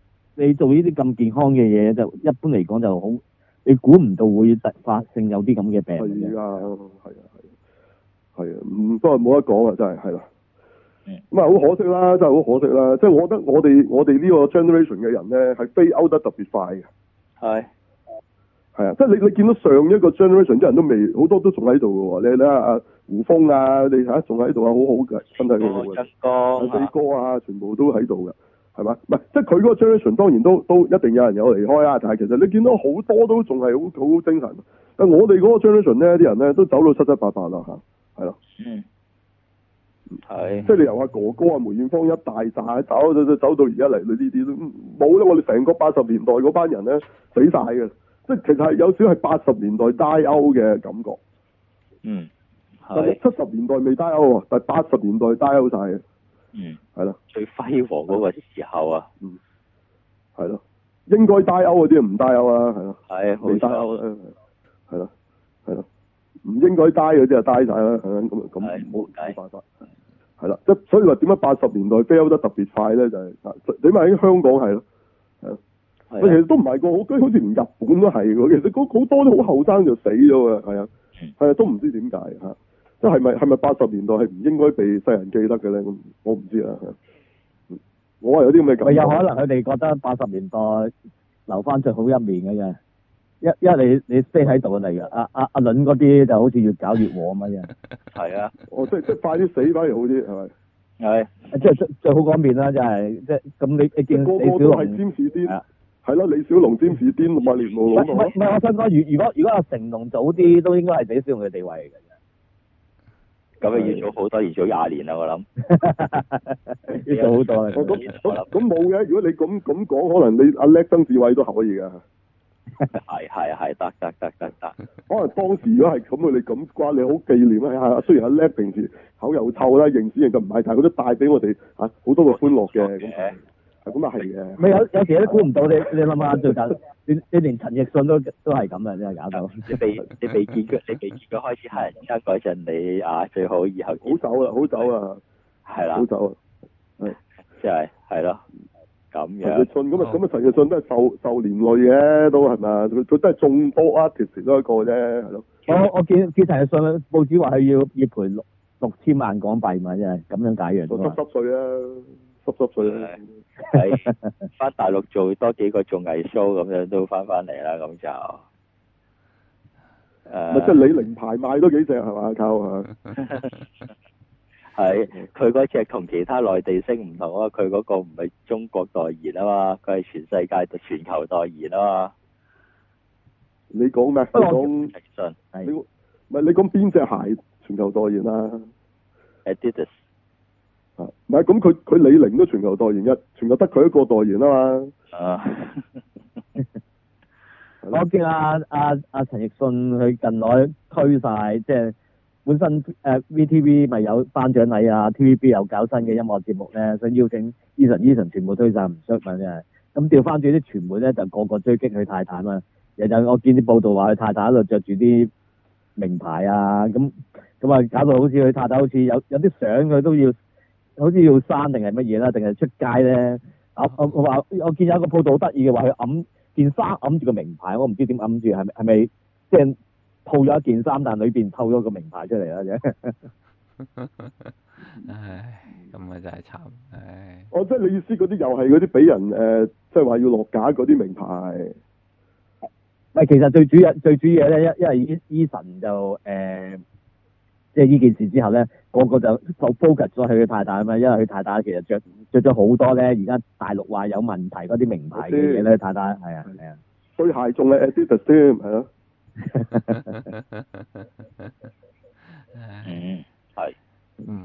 你做呢啲咁健康嘅嘢，就一般嚟講就好，你估唔到會突發性有啲咁嘅病嘅。係啊，係啊，係啊，嗯，都係冇得講啊，啊真係係咯，咁啊好、啊、可惜啦，真係好可惜啦。即、就、係、是、我覺得我哋我哋呢個 generation 嘅人咧，係非歐得特別快嘅。係、啊。係啊，即係你你見到上一個 generation 啲人都未，好多都仲喺度噶喎。你睇下阿胡楓啊，你睇下仲喺度啊，好好嘅，身體好好嘅。阿、嗯、哥、啊、四哥啊，全部都喺度㗎，係嘛？唔係，即係佢嗰個 generation 當然都都一定有人有離開啊。但係其實你見到好多都仲係好好精神。但我哋嗰個 generation 呢啲人咧都走到七七八八啦吓，係咯、啊。係、嗯嗯啊。即係你由阿哥哥啊梅艷芳一大紮走，走走到而家嚟，呢啲都冇啦。我哋成個八十年代嗰班人咧，死晒嘅。嗯即其實係有少係八十年代 die out 嘅感覺，嗯，係但係七十年代未 die out 啊，但係八十年代 die out 晒嘅，嗯，係咯，最輝煌嗰個時候啊，嗯，係咯，應該 die out 嗰啲唔 die out 啊，係啊，係冇錯，係咯，係咯，唔應該 die 嗰啲啊 die 晒啦，咁咁冇冇辦法，係啦，即所以話點解八十年代飛歐得特別快咧？就係、係，起碼喺香港係咯，係係啊、其實都唔係個，好，覺好似唔日本都係。其實好多都好後生就死咗喎，係啊，係啊，都唔知點解嚇。即係咪係咪八十年代係唔應該被世人記得嘅咧？我唔知啊。我係有啲咁嘅感覺。咪有可能佢哋覺得八十年代留翻最好一面嘅啫。因因為你你飛喺度嚟嘅，阿阿阿倫嗰啲就好似越搞越旺咁嘛，真係。啊！我、哦、即即快啲死翻好啲係咪？係、啊、即即最好嗰面啦，就係即咁你你見你個個都係詹士啲。係咯，李小龍、甄子丹、八連年唔唔係，我想講，如如果如果阿成龍早啲，都應該係李小龍嘅地位嘅，咁你要早好多，要早廿年啦，我諗。要早好多。咁咁咁冇嘅，如果你咁咁講，可能你阿叻曾志偉都可以噶。係係係，得得得得得。可能當時如果係咁，你咁關你好紀念咧吓，雖然阿叻平時口又臭啦，認字認就唔係，但係佢都帶俾我哋好多個歡樂嘅咁。咁啊係嘅，咪、嗯、有有時都估唔到，你你諗下最近你你連陳奕迅都都係咁啊，真係搞到你未你，你被見佢，你未見佢開始係而家改陣，你啊最好以後好走啦，好走啊，係啦、啊，好走啊，即係係咯，咁、就是樣，哦、樣陳奕迅咁啊咁啊，嗯、記陳奕迅都係受受連累嘅，都係咪？佢佢真係眾多藝人都一個啫，係咯。我我見見陳奕迅報紙話佢要要賠六六千萬港幣嘛，即係咁樣解嘅。濕濕碎啊！足足佢係翻大陸多做多幾個做藝 show 咁 樣都翻翻嚟啦，咁就誒，咪、嗯、即係你寧牌賣多幾隻係嘛？靠啊！係佢嗰隻同其他內地星唔同啊，佢嗰個唔係中國代言啊嘛，佢係全世界全球代言啊嘛。你講咩？不講你講邊隻鞋全球代言啦、啊 Adidas 唔係咁，佢佢李寧都全球代言嘅，全球得佢一個代言 我見啊嘛。啊！我見阿阿阿陳奕迅佢近來推晒，即、就、係、是、本身誒、呃、V T V 咪有頒獎禮啊，T V B 有搞新嘅音樂節目咧，想邀請 Eason Eason，全部推晒唔出，真係咁調翻轉啲傳媒咧，就個個追擊佢太太嘛。日日我見啲報道話佢太太喺度着住啲名牌啊，咁咁啊，搞到好似佢太太好似有有啲相佢都要。好似要山定係乜嘢啦，定係出街咧？我我我話，我見有一個鋪頭好得意嘅，話佢揞件衫揞住個名牌，我唔知點揞住，係咪係咪即係套咗一件衫，但係裏邊透咗個名牌出嚟啦啫。唉，咁啊真係慘唉！我即係你意思遊戲，嗰啲又係嗰啲俾人誒，即係話要落架嗰啲名牌。唔係，其實最主要最主要咧，因為 Eason 就誒。呃即係依件事之後咧，個個就 focus 咗去佢太太啊嘛，因為佢太太其實着著咗好多咧，而家大陸話有問題嗰啲名牌嘅嘢咧，佢嘅太太係啊係啊，啊，衰鞋中嘅 Adidas 先係、啊、咯， 嗯係，嗯、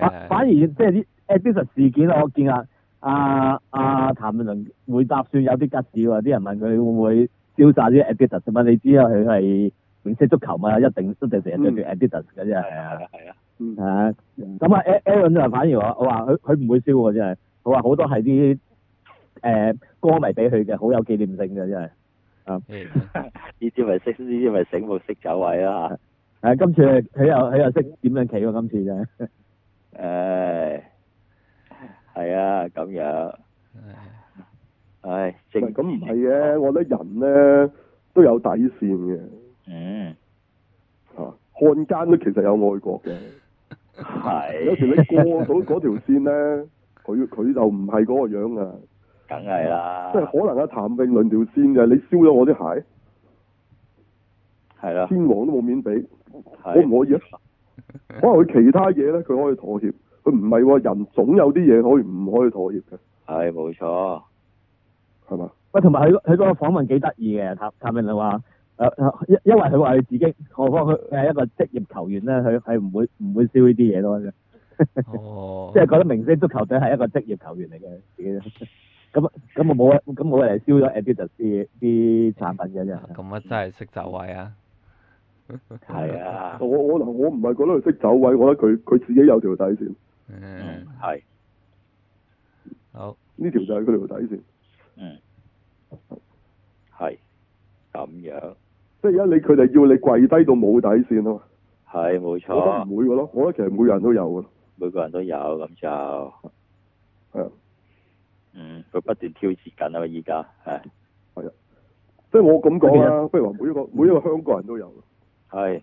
啊、反反而即係啲 Adidas 事件我見啊啊啊譚文文會搭算有啲吉子喎，啲人問佢會唔會消散啲 Adidas 咁你知啊，佢係。英超足球嘛，一定都成日都要 Adidas 嘅啫。係啊係啊，係、嗯、啊。咁啊，Aaron 啊，啊嗯、Aaron 反而說我說他他不我話佢佢唔會燒嘅真係，佢話好多係啲誒歌迷俾佢嘅，好有紀念性嘅真係、啊嗯 就是。啊，呢啲咪識呢啲咪醒目識走位啦吓。誒、啊，今次佢又佢又識點樣企喎？今次真係。誒，係啊，咁樣。唉，靜。唔係咁唔係嘅，我覺得人咧都有底線嘅。嗯，吓、啊、漢奸都其實有愛國嘅，係有時你過到嗰條線咧，佢 佢就唔係嗰個樣啊，梗係啦，即係可能阿譚詠麟條線就係你燒咗我啲鞋，係啦，天王都冇面俾，可唔可以啊？ 可能佢其他嘢咧，佢可以妥協，佢唔係喎，人總有啲嘢可以唔可以妥協嘅，係冇錯，係嘛？喂，同埋佢佢嗰個訪問幾得意嘅，譚譚詠麟話。因因為佢話佢自己，何況佢係一個職業球員咧，佢係唔會唔會燒呢啲嘢咯， oh. 即係覺得明星足球隊係一個職業球員嚟嘅，自己咁我冇啊，咁冇嚟燒咗 Adidas 啲啲產品嘅啫。咁啊真係識走位啊！係啊！我我我唔係覺得佢識走位，我覺得佢佢自己有條底線。嗯、mm.，係。好，呢條就係佢條底線。嗯、mm.，係咁樣。即係而家你佢哋要你跪低到冇底線啊嘛，係冇錯。我都唔會噶咯，我覺得其實每個人都有噶。每個人都有咁就係、啊、嗯，佢不斷挑戰緊啊嘛，依家係係啊，即係我咁講啦，不如話每一個每一個香港人都有，係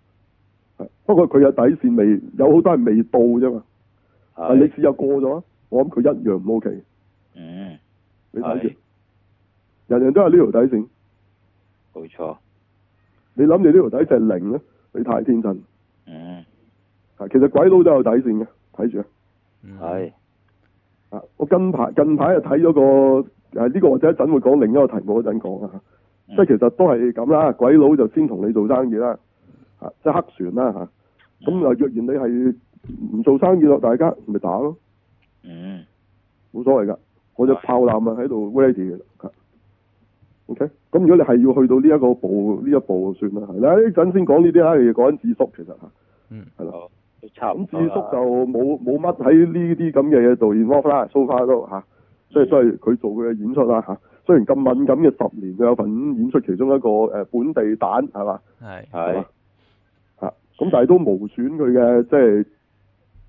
不過佢有底線未？有好多人未到啫嘛，啊，歷史又過咗，我諗佢一樣唔 OK。嗯，你睇住，人人都有呢條底線，冇錯。你諗住呢條底隻零咧？你太天真。嗯。啊，其實鬼佬都有底線嘅，睇住啊。係。啊，我近排近排啊睇咗個誒呢個，或者一陣會講另一個題目嗰陣講啊、嗯。即係其實都係咁啦，鬼佬就先同你做生意啦，即係黑船啦嚇。咁、嗯、啊，嗯、就若然你係唔做生意咯，大家咪打咯。嗯。冇所謂㗎，我隻炮艦咪喺度 ready 㗎 O K，咁如果你係要去到呢一個步呢一步算啦，係啦呢陣先講呢啲啦，而講緊智叔其實吓，嗯，係、嗯嗯、啦，咁智叔就冇冇乜喺呢啲咁嘅嘢度，演 a 啦，so far 都吓，所以所以佢做佢嘅演出啦吓、啊，雖然咁敏感嘅十年，佢有份演出其中一個誒、呃、本地蛋係嘛，係係吓，咁、啊、但係都無損佢嘅即係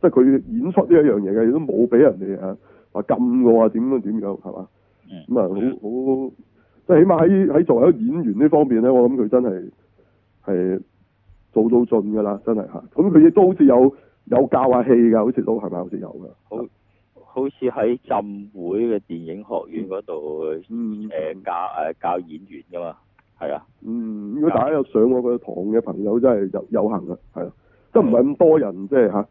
即係佢演出呢一樣嘢嘅，亦都冇俾人哋吓話禁過啊點啊點樣係嘛，嗯，咁啊好好。嗯即係起碼喺喺作為一個演員呢方面咧，我諗佢真係係做到盡㗎啦，真係嚇。咁佢亦都好似有有教下戲㗎，好似都係咪？好似有㗎。好，好似喺浸會嘅電影學院嗰度，嗯誒教誒教演員㗎嘛，係啊。嗯，如果大家有上過佢堂嘅朋友，真係有有幸啊，係啊，都唔係咁多人即係吓，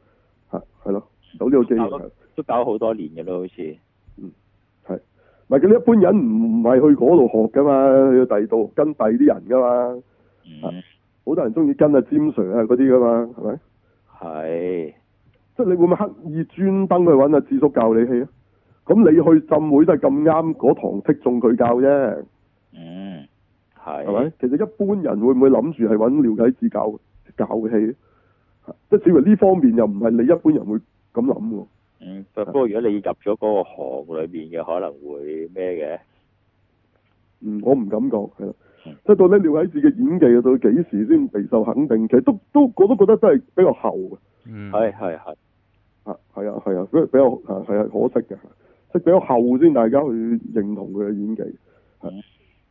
嚇係咯，有呢個經驗，都搞好多年㗎啦，好似。唔佢，你一般人唔唔係去嗰度學噶嘛？去到第二度跟第二啲人噶嘛？好、嗯、多人中意跟阿詹 Sir 啊嗰啲噶嘛？係，即係你會唔會刻意專登去揾阿智叔教你戲啊？咁你去浸會都係咁啱，嗰堂剔中佢教啫。嗯，係。係咪？其實一般人會唔會諗住係揾廖啟智教教嘅戲？即係至於呢方面又唔係你一般人會咁諗喎。嗯，不過如果你入咗嗰個行裏面嘅，可能會咩嘅？嗯，我唔敢講，係啦。即係到底廖啟智嘅演技到幾時先備受肯定？其實都都我都覺得真係比較後嘅。嗯，係係係啊，係啊係啊，比較啊係啊，可惜嘅，即係比較後先，大家去認同佢嘅演技。係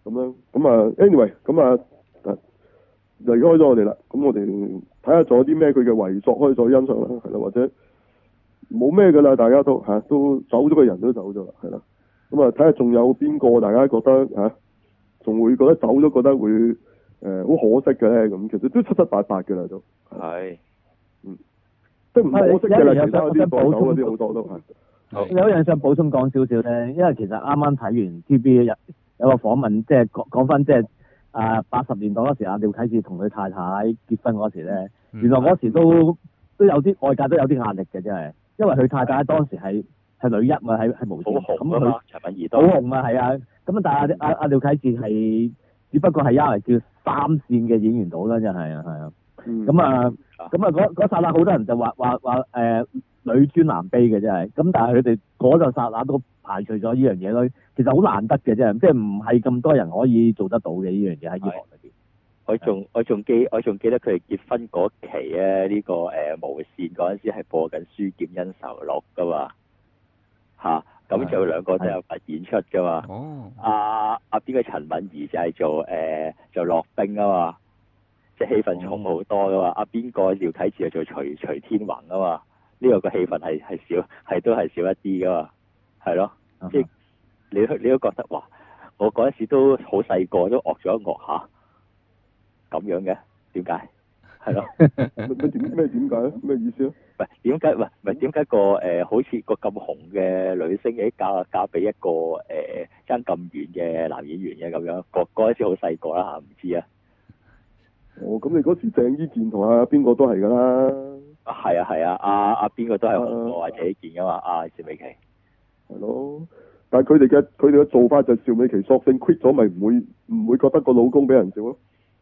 咁樣咁啊，anyway，咁啊，離開咗我哋啦，咁我哋睇下仲有啲咩佢嘅遺作可以再欣賞啦，係啦，或者。冇咩噶啦，大家都都走咗嘅人都走咗啦，係啦。咁啊，睇下仲有邊個，大家覺得仲、啊、會覺得走都覺得會誒好、呃、可惜嘅咧。咁其實都七七八八㗎啦，都係嗯，即係唔可惜嘅啦。有啲走咗啲好多都係。有人想補充講少少咧，因為其實啱啱睇完 T B 有，有個訪問，即係講返，返即係啊八十年代嗰時，阿廖啟智同佢太太結婚嗰時咧、嗯，原來嗰時都都有啲外界都有啲壓力嘅，真係。因為佢太太當時係係女一嘛，係係無線咁佢好紅,紅,陳敏兒都好紅、嗯、啊，係啊，咁啊但係阿阿廖啟智係只不過係因為叫三線嘅演員到啦，真係啊係啊，咁啊咁、嗯嗯嗯、啊嗰剎、啊啊、那好、個那個、多人就話話話誒女尊男卑嘅真係，咁但係佢哋嗰陣剎那都排除咗呢樣嘢咯，其實好難得嘅啫，即係唔係咁多人可以做得到嘅呢樣嘢喺呢行。我仲我仲記我仲記得佢哋結婚嗰期咧，呢、這個誒、呃、無線嗰陣時係播緊《書劍恩仇錄》噶嘛，嚇、啊、咁就兩個都有份演出噶嘛，啊呃嘛，就是、嘛。哦。阿阿邊個陳敏兒就係做誒做駱冰啊嘛，即係氣氛重好多噶嘛。阿邊個廖啟智就做徐徐天宏啊嘛，呢、這個個氣氛係係少係都係少一啲噶嘛，係咯，嗯、即係你都你都覺得哇！我嗰陣時都好細個，都惡咗一惡下。咁樣嘅點解係咯咩點咩點解啊？咩意思啊？唔係點解唔係唔係點解個誒好似個咁紅嘅女星，啲嫁嫁俾一個誒爭咁遠嘅男演員嘅咁樣？嗰嗰好似好細個啦，唔知啊。哦，咁嗰時鄭伊健同阿邊個都係噶啦，係啊係啊，阿阿邊個都係紅過或者伊健噶嘛。阿邵美琪係咯，但係佢哋嘅佢哋嘅做法就邵美琪索性 quit 咗，咪唔會唔會覺得個老公俾人笑咯。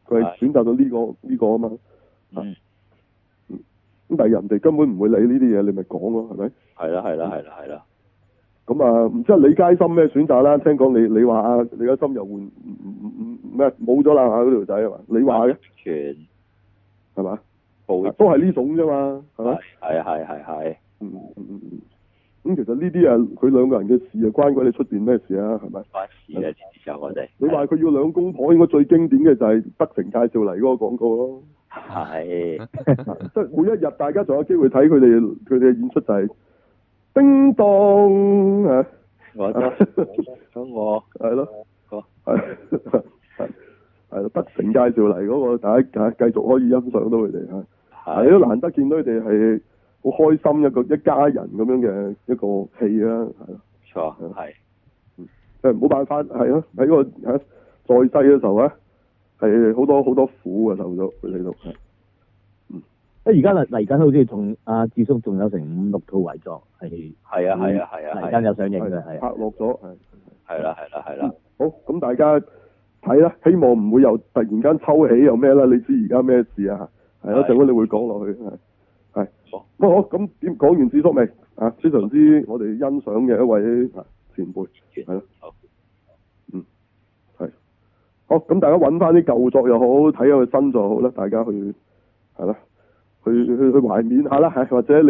佢係選擇到呢個呢個啊嘛，嗯，咁但係人哋根本唔會理呢啲嘢，你咪講咯，係咪？係啦係啦係啦係啦，咁啊唔知阿李佳心咩選擇啦？聽講你你話阿李佳心又換唔唔唔咩冇咗啦嚇嗰條仔係嘛？你話嘅？全係嘛？都都係呢種啫嘛，係咪？係係係係。咁、嗯、其實呢啲啊，佢兩個人嘅事啊，關鬼你出邊咩事啊？係咪？關事嘅，至少我哋。你話佢要兩公婆，應該最經典嘅就係德誠介紹嚟嗰個廣告咯。係。即 係每一日，大家仲有機會睇佢哋佢哋嘅演出就係，就係叮當嚇。我得。咁、啊、我。係 咯。好。係。係咯，德誠介紹嚟嗰、嗰個，大家嚇繼續可以欣賞到佢哋嚇。係。係都難得見到佢哋係。好開心一個一家人咁樣嘅一個戲啦，係咯，錯、哦、係、嗯這個，嗯，誒冇辦法係咯，喺個喺在世嘅時候咧，係好多好多苦啊受咗你度係，誒而家嚟緊好似同阿智叔仲有成五六套遺作係，係啊係啊係啊嚟緊有上映嘅係拍落咗係，係啦係啦係啦，好咁大家睇啦，希望唔會又突然間抽起又咩啦，你知而家咩事啊？係啊，陣間你會講落去係，好咁，點講完智叔未啊？非常之我哋欣賞嘅一位、啊、前輩，係嗯，係，好咁，大家揾翻啲舊作又好，睇下佢新作好啦。大家去係啦，去去去懷念下啦，吓或者你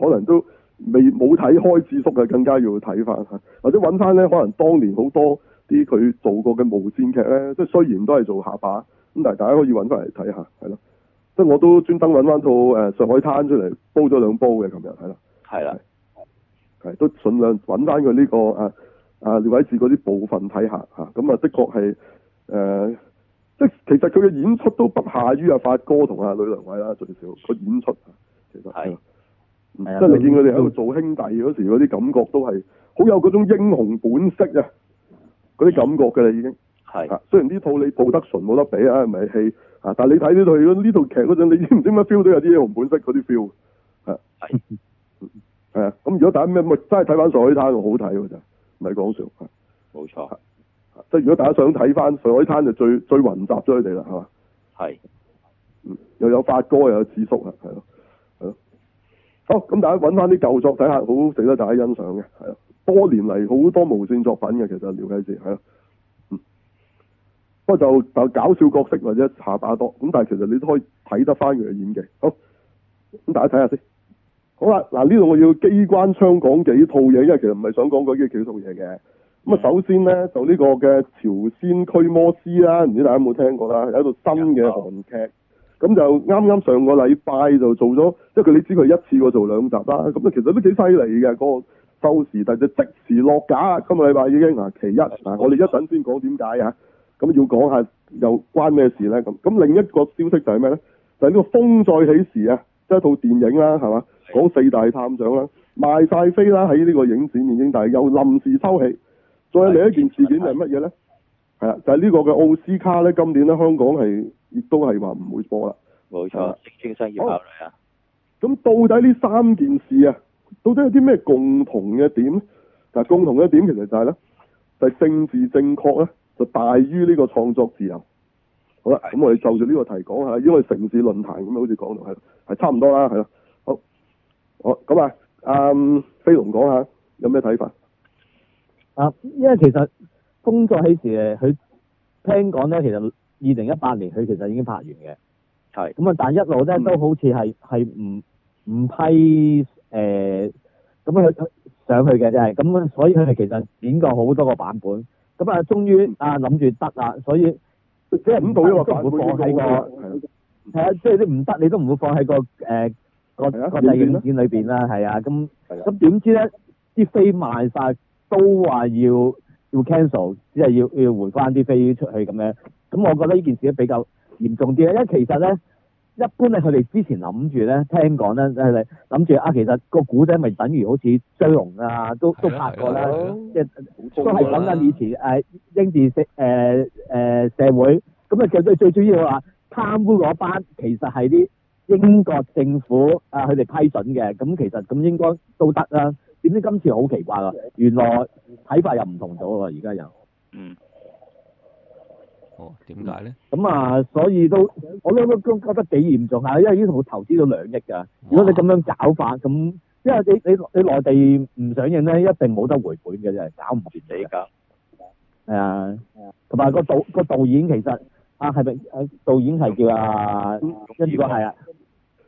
可能都未冇睇開智叔嘅，更加要睇翻吓，或者揾翻咧，可能當年好多啲佢做過嘅無綫劇咧，即係雖然都係做下把，咁但係大家可以揾翻嚟睇下，係咯。即係我都專登揾翻套上海灘出嚟煲咗兩煲嘅，琴日係啦，係啦，都盡量揾翻佢呢個啊啊廖啟智嗰啲部分睇下咁，啊的確係誒、啊，即其實佢嘅演出都不下於阿、啊、發哥同阿呂良偉啦，最少個演出，其實係，唔係即係你見佢哋喺度做兄弟嗰時嗰啲感覺都係好有嗰種英雄本色啊，嗰啲感覺㗎啦已經。係雖然呢套你抱得純冇得比啊，係咪戲啊？但係你睇呢套如呢套劇嗰陣，你不知唔知咩 feel 都有啲英雄本色嗰啲 feel，係係啊。咁如果大家咩真係睇翻《上海灘》好睇喎，真唔係講笑。冇錯，即係如果大家想睇翻《上海灘》就最最混雜咗佢哋啦，係嘛？係，又有發哥又有智叔啊，係咯，係咯。好，咁大家揾翻啲舊作睇下，好值得大家欣賞嘅。係咯，多年嚟好多無線作品嘅，其實廖啟智。係咯。不過就就搞笑角色或者下把多咁，但係其實你都可以睇得翻佢嘅演技。好，咁大家睇下先。好啦，嗱，呢度我要機關槍講幾套嘢，因為其實唔係想講嗰啲幾套嘢嘅。咁啊，首先咧，就呢個嘅朝鮮驅魔師啦，唔知大家有冇聽過啦？有一套新嘅韓劇。咁、嗯、就啱啱上個禮拜就做咗，因為佢你知佢一次過做兩集啦。咁啊，其實都幾犀利嘅，嗰個收視就即時落架。今個禮拜已經啊，其一啊，我哋一陣先講點解啊。咁要講下又關咩事咧？咁咁另一個消息就係咩咧？就係呢個風再起時啊，即係套電影啦，啊，係嘛，講四大探長啦，啊，賣晒飛啦，啊，喺呢個影展面，但係又臨時抽起。再有另一件事件就係乜嘢咧？係啦，就係呢個嘅奧斯卡咧，今年咧香港係亦都係話唔會播啦。冇錯，政經商業壓力啊。咁到底呢三件事啊，到底有啲咩共同嘅點咧？就是，共同嘅點其實就係咧，就係政治正確啊。就大於呢個創作自由。好啦，咁我哋就住呢個題講下，因為城市論壇，咁樣好似講到係係差唔多啦，係啦。好，好咁啊，阿、嗯、飛龍講下有咩睇法？啊，因為其實風再起時佢聽講咧，其實二零一八年佢其實已經拍完嘅，係咁啊，但一路咧、嗯、都好似係係唔唔批誒，咁樣佢上去嘅即係，咁、就是、所以佢哋其實剪過好多個版本。咁啊，終於啊諗住得啦，所以即係唔到，因都唔會放喺個係啊，即係你唔得，你都唔會放喺個誒、呃、個國際影展裏邊啦，係啊，咁咁點知咧啲飛賣晒，都話要要 cancel，即係要要回翻啲飛出去咁樣，咁我覺得呢件事比較嚴重啲咧，因為其實咧。一般咧，佢哋之前諗住咧，聽講咧，誒諗住啊，其實個古仔咪等於好似《追龍》啊，都都拍過啦，即係都係講緊以前誒英治社、呃呃、社會。咁啊，最最最主要啊，貪污嗰班其實係啲英國政府啊，佢、呃、哋批准嘅，咁其實咁應該都得啦。點知今次好奇怪喎，原來睇法又唔同咗喎，而家又嗯。點解咧？咁、嗯嗯、啊，所以都我都都覺得幾嚴重吓，因為呢套投資咗兩億噶。如果你咁樣搞法，咁因為你你你內地唔上映咧，一定冇得回本嘅啫，搞唔掂你噶。係、嗯嗯、啊，同埋個導個導演其實啊，係咪啊？導演係叫啊跟住哥係啊。佢、嗯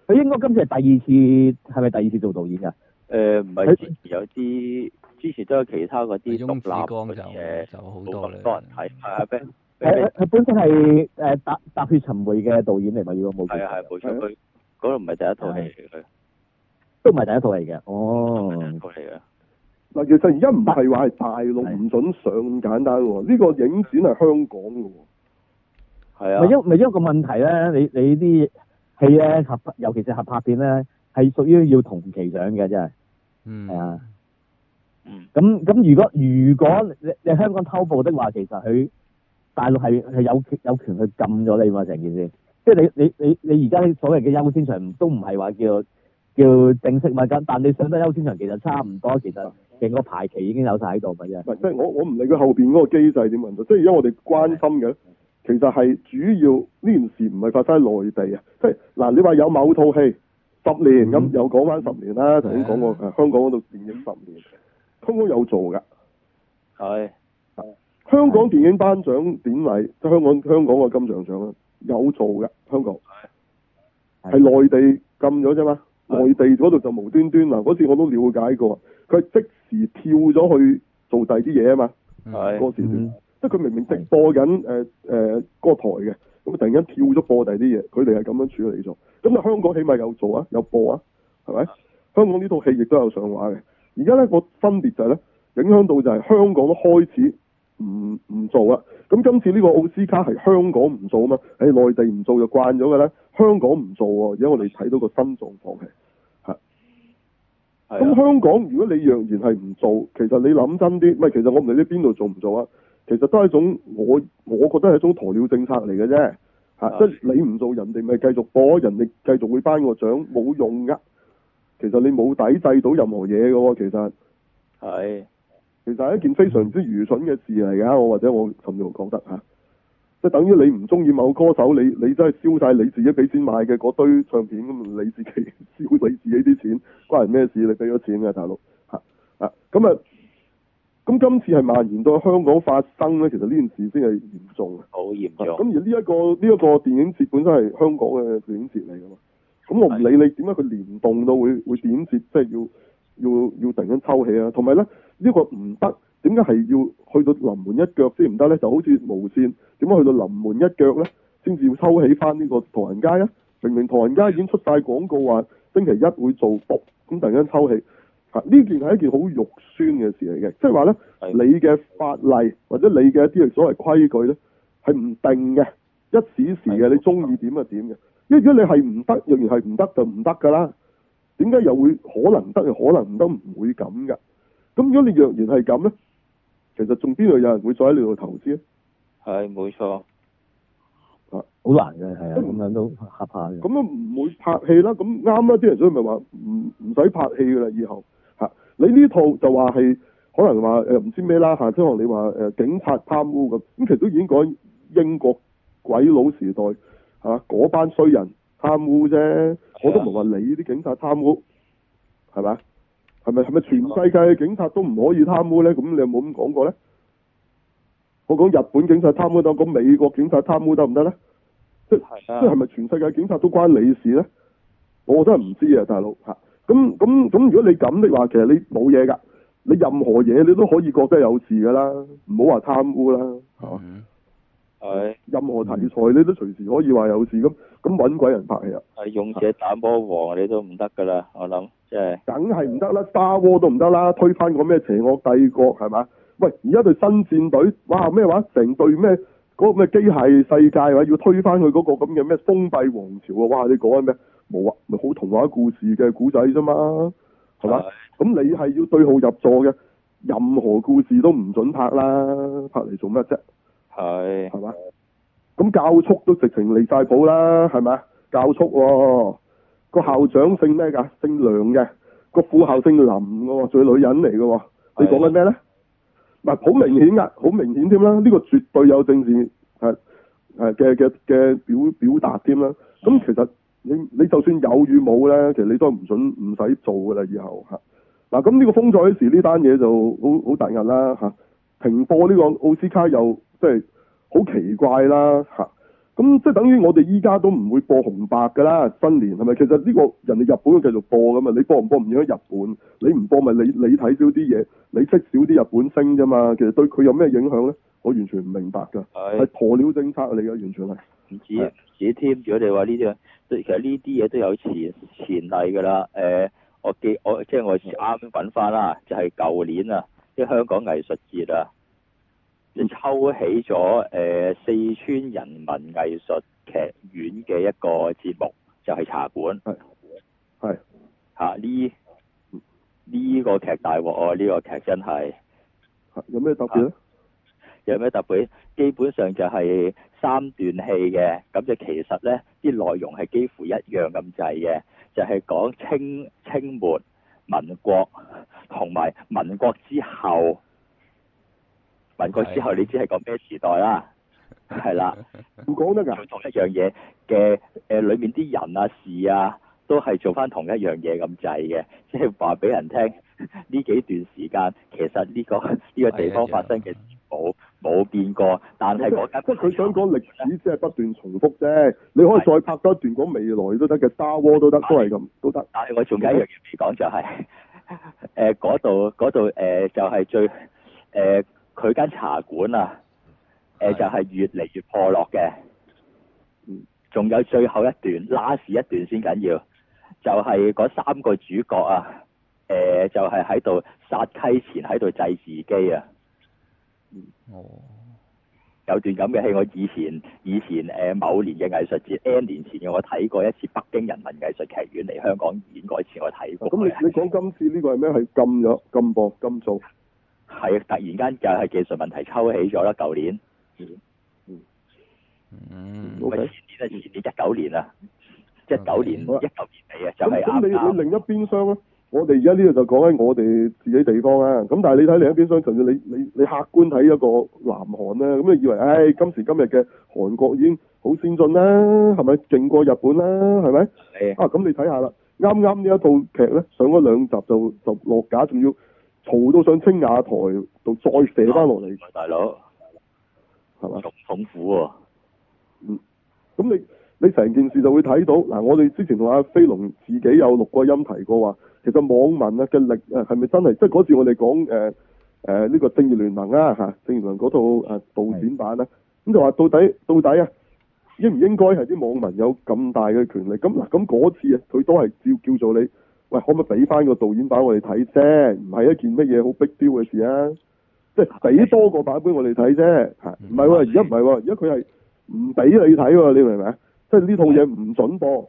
嗯、應該、嗯嗯、今次係第二次，係咪第二次做導演啊？誒、呃，唔係，之前有啲之前都有其他嗰啲獨立嗰啲嘢，就好多多人睇。係啊，佢、啊、本身係誒《踏、呃、踏血尋梅》嘅導演嚟嘛？如果冇錯係係冇錯，佢嗰個唔係第一套戲，係、啊、都唔係第一套戲嘅。哦，過嚟嘅。嗱，其實而家唔係話係大陸唔准上咁簡單喎，呢、啊啊這個影展係香港嘅。係啊。咪因咪因為個問題咧，你你啲戲咧合拍，尤其是合拍片咧，係屬於要同期上嘅，真係。嗯。係啊。嗯。咁咁，如果如果你你香港偷步的話，其實佢。大陸係係有有權去禁咗你嘛？成件事，即係你你你你而家所謂嘅優先場都唔係話叫叫正式乜嘢，但你上得優先場其實差唔多，其實成個排期已經有晒喺度，咪、嗯、啫。唔係即係我我唔理佢後邊嗰個機制點運作，即係而家我哋關心嘅、嗯，其實係主要呢件事唔係發生喺內地啊，即係嗱你話有某套戲十年咁、嗯嗯、又年、嗯、講翻十年啦，頭、嗯、先講過香港嗰度電影十年，通通有做㗎，係、嗯、係。嗯香港電影頒獎典禮，即係香港香港嘅金像獎啊，有做嘅香港係係內地禁咗啫嘛，內地嗰度就無端端嗱，嗰次我都了解過，佢即時跳咗去做第二啲嘢啊嘛，係嗰、那個、時段、嗯、即係佢明明直播緊誒誒嗰台嘅，咁突然間跳咗播第二啲嘢，佢哋係咁樣處理咗。咁啊，香港起碼有做啊，有播啊，係咪？香港呢套戲亦都有上畫嘅。而家咧，嗰個分別就係、是、咧，影響到就係香港都開始。唔唔做啊！咁今次呢個奧斯卡係香港唔做嘛？喺、哎、內地唔做就慣咗嘅咧，香港唔做，而家我哋睇到個新狀況嘅吓。咁、啊、香港，如果你若然係唔做，其實你諗真啲，唔係，其實我唔理你邊度做唔做啊。其實都係一種我我覺得係一種鴕鳥政策嚟嘅啫。吓，即係、就是、你唔做，人哋咪繼續播，人哋繼續會頒個獎，冇用噶。其實你冇抵制到任何嘢喎，其實係。其實係一件非常之愚蠢嘅事嚟噶，我或者我甚至乎覺得吓、啊,即係等於你唔中意某歌手，你你真係燒晒你自己俾錢買嘅嗰堆唱片，咁你自己燒你自己啲錢，關人咩事你給了錢？你俾咗錢嘅大佬吓啊，咁啊、咁、啊啊、今次係蔓延到香港發生咧，其實呢件事先係嚴重，好嚴重。咁而呢、這、一個呢一、這個電影節本身係香港嘅電影節嚟噶嘛，咁、啊嗯、我唔理你點解佢聯動到會會電影節，即係要。要要突然間抽起啊，同埋咧呢、呢個唔得，點解係要去到臨門一腳先唔得呢？就好似無綫，點解去到臨門一腳呢？先至抽起翻呢個唐人街呢？明明唐人街已經出晒廣告話星期一會做毒，咁突然間抽起，呢件係一件好肉酸嘅事嚟嘅。即係話呢，你嘅法例或者你嘅一啲所謂規矩呢，係唔定嘅，一時時嘅，你中意點就點嘅。因如果你係唔得，仍然係唔得就唔得噶啦。點解又會可能得又可能唔得，唔會咁噶？咁如果你若然係咁咧，其實仲邊度有人會再喺你度投資咧？係冇錯，啊，好難嘅係啊，咁、嗯、樣都吓怕嘅。咁啊唔會拍戲、啊呃、啦？咁啱啦，啲人所以咪話唔唔使拍戲噶啦，以後吓你呢套就話係可能話誒唔知咩啦吓，希望你話誒警察貪污咁，咁、嗯、其實都已經講英國鬼佬時代吓嗰、啊、班衰人。貪污啫，我都唔話你啲警察貪污，係咪係咪係咪全世界警察都唔可以貪污咧？咁你有冇咁講過咧？我講日本警察貪污得，咁美國警察貪污得唔得咧？即係即係咪全世界警察都關你事咧？我真係唔知啊，大佬吓。咁咁咁，如果你咁嘅話，其實你冇嘢噶，你任何嘢，你都可以覺得有事噶啦，唔好話貪污啦，吓，Okay。係，任何題材、嗯、你都隨時可以話有事咁，咁揾鬼人拍戲啊！係勇者打魔王，你都唔得噶啦，我諗即係，梗係唔得啦，Star Wars 都唔得啦，推翻個咩邪惡帝國係嘛？喂，而家對新戰隊，哇咩話，成隊咩嗰個咩機械世界話要推翻佢嗰個咁嘅咩封閉王朝啊！哇，你講緊咩？冇啊，好童話故事嘅古仔啫嘛，係嘛？咁你係要對號入座嘅，任何故事都唔准拍啦，拍嚟做乜啫？係，係嘛？咁教速都直情離晒譜啦，係咪啊？教速個、哦、校長姓咩噶？姓梁嘅，個副校姓林嘅，最女人嚟嘅。你講緊咩咧？嗱，好明顯噶，好明顯添啦。呢、這個絕對有政治係嘅嘅嘅表表達添啦。咁其實你你就算有與冇咧，其實你都唔准唔使做噶啦。以後吓，嗱咁呢個風再起時呢單嘢就好好大壓啦吓。停播呢個奧斯卡又。即係好奇怪啦吓，咁即係等於我哋依家都唔會播紅白㗎啦，新年係咪？其實呢個人哋日本都繼續播㗎嘛。你播唔播唔影響日本，你唔播咪你你睇少啲嘢，你識少啲日本星啫嘛。其實對佢有咩影響咧？我完全唔明白㗎，係鴕鳥政策嚟㗎，完全係唔止，唔止添住你話呢啲啊，即其實呢啲嘢都有前、前例㗎啦、呃。我記我即係我啱揾翻啦，就係舊年啊，即係香港藝術節啊。抽起咗誒、呃、四川人民藝術劇院嘅一個節目，就係、是、茶館。係。係。嚇！呢、啊、呢、這個劇大鑊哦！呢、這個劇真係。有咩特別、啊、有咩特別？基本上就係三段戲嘅，咁就其實呢啲內容係幾乎一樣咁滯嘅，就係、是、講清清末、民國同埋民國之後。問過之後，你知係講咩時代啦？係 啦，唔講得㗎。做同一樣嘢嘅誒，裏、呃、面啲人啊、事啊，都係做翻同一樣嘢咁滯嘅，即係話俾人聽。呢 幾段時間其實呢、這個呢 個地方發生嘅冇冇變過， 但係我覺得，佢、就是、想講歷史，即係不斷重複啫。你可以再拍多一段講未來都得嘅沙窩都得，都係咁都得。 但係我仲有一樣嘢講就係誒嗰度嗰度誒就係、是、最誒。呃佢間茶館啊，誒、呃、就係、是、越嚟越破落嘅。仲、嗯、有最後一段，拉屎一段先緊要。就係、是、嗰三個主角啊，誒、呃、就係喺度殺雞前喺度祭自己啊。哦。有段咁嘅戲，我以前以前誒某年嘅藝術節 N 年前嘅，我睇過一次北京人民藝術劇院嚟香港演過一次，我睇過。咁你你講今次呢個係咩？係禁咗、禁播、禁做。金係啊，突然間就係技術問題抽起咗啦，舊年，嗯，嗯，喂，前年啊，okay. 前一九年啊，一九年，一九年嚟啊，okay. okay. 就係啊，咁你你另一邊廂咧，我哋而家呢度就講緊我哋自己地方啊，咁但係你睇另一邊廂，就算、是、你你你客觀睇一個南韓咧，咁你以為，唉、哎，今時今日嘅韓國已經好先進啦，係咪勁過日本啦，係咪？啊，咁你睇下啦，啱啱呢一套劇咧上咗兩集就就落架，仲要。逃到上青瓦台度，再射翻落嚟，大佬，係嘛？咁痛苦啊？嗯，咁你，你成件事就會睇到，嗱，我哋之前同阿飛龍自己有錄過音提過話，其實網民啊嘅力，誒係咪真係，即係嗰次我哋講，誒誒呢個正義聯盟啊，嚇，正義聯盟嗰套誒、呃、導剪版啊，咁就話到底到底啊，應唔應該係啲網民有咁大嘅權力？咁嗱，咁嗰次啊，佢都係叫叫做你。喂，可唔可以俾翻個導演版我哋睇啫？唔係一件乜嘢好逼雕嘅事啊！即係俾多個版本我哋睇啫，係唔係？而家唔係喎，而家佢係唔俾你睇喎，你明唔明啊？即係呢套嘢唔准播，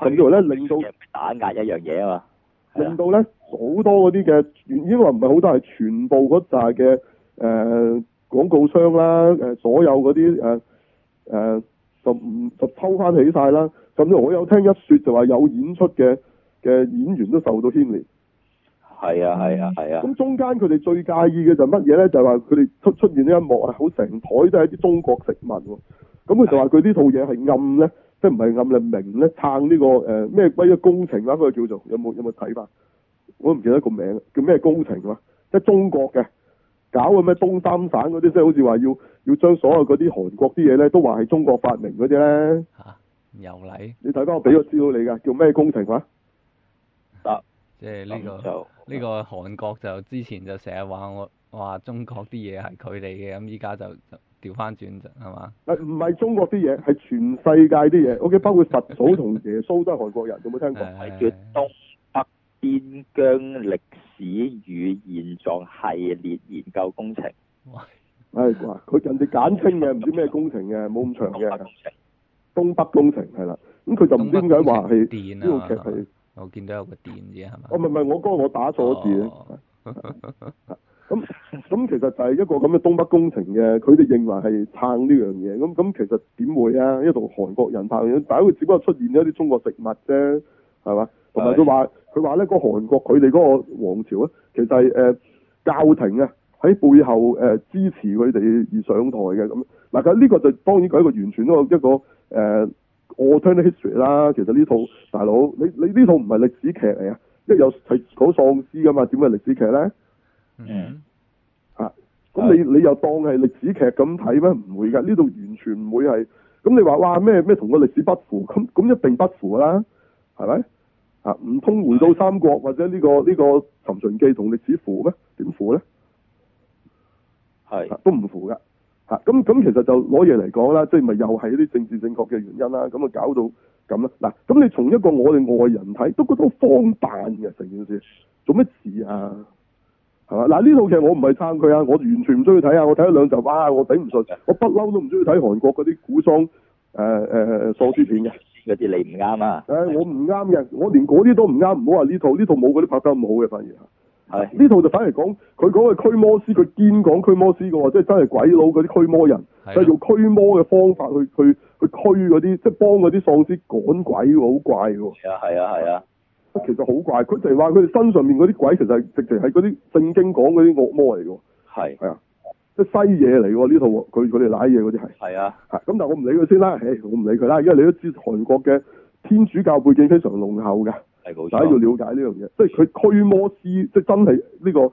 甚至乎咧，令到打壓一樣嘢啊嘛，令到咧好多嗰啲嘅，因為唔係好多，係全部嗰嘅誒廣告商啦，誒所有嗰啲誒誒就唔就抽翻起晒啦。甚至我有聽一說就話有演出嘅，嘅演員都受到牽連，係啊，係啊，係啊。咁中間佢哋最介意嘅就係乜嘢咧？就係話佢哋出出現呢一幕啊，好成台都係啲中國食物喎。咁佢就話佢呢套嘢係暗咧，即係唔係暗咧明咧撐呢、呢個誒咩關嘅工程啦，嗰、嗰個叫做有冇有冇睇法？我都唔記得個名，叫咩工程啊，即係中國嘅搞嘅咩東三省嗰啲，即好似話要要將所有嗰啲韓國啲嘢咧，都話係中國發明嗰啲咧嚇。有禮，你睇返我俾個資料你㗎，叫咩工程話？即係呢、這個呢、這個韓國就之前就成日話我話中國啲嘢係佢哋嘅，咁依家就調翻轉咗係嘛？唔係中國啲嘢，係全世界啲嘢。OK，包括佛祖同耶穌都係韓國人，有冇聽過？係 叫東北邊疆歷史與現狀系列研究工程。係 佢人哋簡稱嘅，唔知咩工程嘅，冇咁長嘅。東北工程係啦，咁佢就唔知點解話係呢個我見到有個店嘅，係嘛？哦，唔係唔係，我剛我打錯了字咧。咁、哦、咁、 嗯嗯嗯，其實就係一個咁嘅東北工程嘅，佢哋認為係撐呢樣嘢。咁、嗯、咁、嗯，其實點會啊？因為同韓國人拍，但係佢只不過出現咗啲中國食物啫，係嘛？同埋佢話佢話咧，個韓國佢哋嗰個皇朝咧，其實係誒、呃、教廷啊喺背後誒、呃、支持佢哋而上台嘅咁。嗱，咁、呃、呢、這個就當然係一個完全一個誒。呃我聽啲 history 啦，其實呢套大佬，你你呢套唔係歷史劇嚟啊，因為有係講喪屍噶嘛，點會歷史劇咧？嗯、mm-hmm.。啊，咁你你又當係歷史劇咁睇咩？唔會噶，呢度完全唔會係。咁你話哇咩咩同個歷史不符，咁咁一定不符啦，係咪？啊，唔通回到三國或者呢、呢個呢、呢個尋秦記同歷史符咩？點符咧？係、啊。都唔符噶。嗱，咁咁其實就攞嘢嚟講啦，即係咪又係一啲政治正確嘅原因啦？咁啊搞到咁啦。嗱，咁你從一個我哋外人睇，都覺得好荒誕嘅成件事，做乜事啊？係嘛？嗱，呢套劇我唔係撐佢啊，我完全唔中意睇啊，我睇咗兩集，哇！我頂唔順，我不嬲都唔中意睇韓國嗰啲古裝誒誒喪屍片嘅。嗰啲你唔啱啊？誒，我唔啱嘅，我連嗰啲都唔啱，唔好話呢套，呢套冇嗰啲拍得咁好嘅，反而係呢、啊、套就反而講，佢講係驅魔師，佢堅講驅魔師嘅喎，即係真係鬼佬嗰啲驅魔人，就係、啊、用驅魔嘅方法去去去驅嗰啲，即係幫嗰啲喪屍趕鬼，好怪嘅喎。係啊係啊係啊，其實好怪，佢就係話佢哋身上面嗰啲鬼，其實係直情係嗰啲聖經講嗰啲惡魔嚟嘅。係係啊，啊，即係西嘢嚟嘅喎呢套，佢佢哋瀨嘢嗰啲係。係啊，咁、啊、但係我唔理佢先啦，唉，我唔理佢啦，因為你都知韓國嘅天主教背景非常濃厚嘅。大家要了解呢樣嘢，即係佢驅魔師，即係真係呢個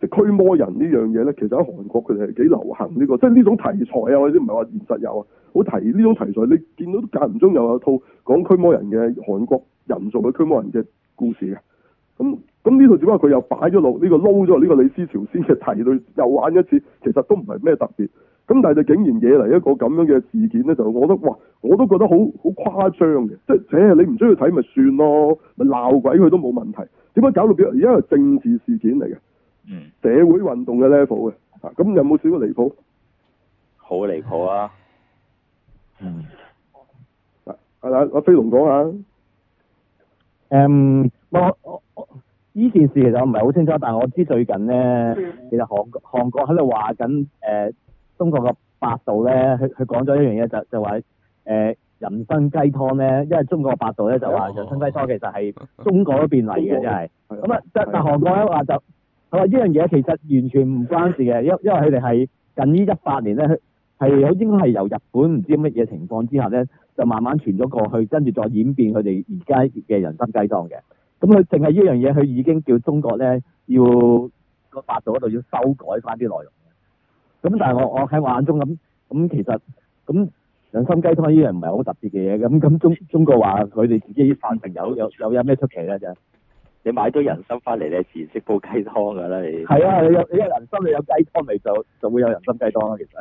即係驅魔人呢樣嘢咧。其實喺韓國佢哋係幾流行呢個，即係呢種題材啊，或者唔係話現實有啊，好提呢種題材。你見到間唔中又有一套講驅魔人嘅韓國人做嘅驅魔人嘅故事嘅。咁咁呢度只不過佢又擺咗落呢個撈咗呢個李氏朝鮮嘅題裏，又玩一次，其實都唔係咩特別。咁但係就竟然惹嚟一個咁樣嘅事件咧，就我覺得哇，我都覺得好好誇張嘅，即係，你唔中意睇咪算咯，咪鬧鬼佢都冇問題。點解搞到變成而家係政治事件嚟嘅？嗯，社會運動嘅 level 嘅，啊，嚇咁有冇少過離譜？好離譜啊！嗯、係、啊、啦，阿飛龍講下，誒、um,，我我我呢件事其實我唔係好清楚，但係我知最近咧、嗯，其實韓韓國喺度話緊，誒、呃。中國嘅百度咧，佢佢講咗一樣嘢就就話誒、呃、人參雞湯咧，因為中國嘅百度咧就話人參雞湯其實係中國嗰邊嚟嘅，真係。咁啊、嗯，但但韓國咧話就係話呢樣嘢其實完全唔關事嘅，因為因為佢哋係近呢一百年咧係應該係由日本唔知乜嘢情況之下咧，就慢慢傳咗過去，跟住再演變佢哋而家嘅人參雞湯嘅。咁佢淨係呢樣嘢，佢已經叫中國咧要個百度嗰度要修改翻啲內容。咁但係我我喺我眼中咁咁、嗯，其實咁、嗯、人參雞湯呢樣唔係好特別嘅嘢。咁、嗯、咁中中國話佢哋自己發明有有，有有有有咩出奇咧？就你買咗人參翻嚟，你自然識煲雞湯噶啦。你係啊，你有你嘅人參，你有雞湯味就就會有人參雞湯啦。其實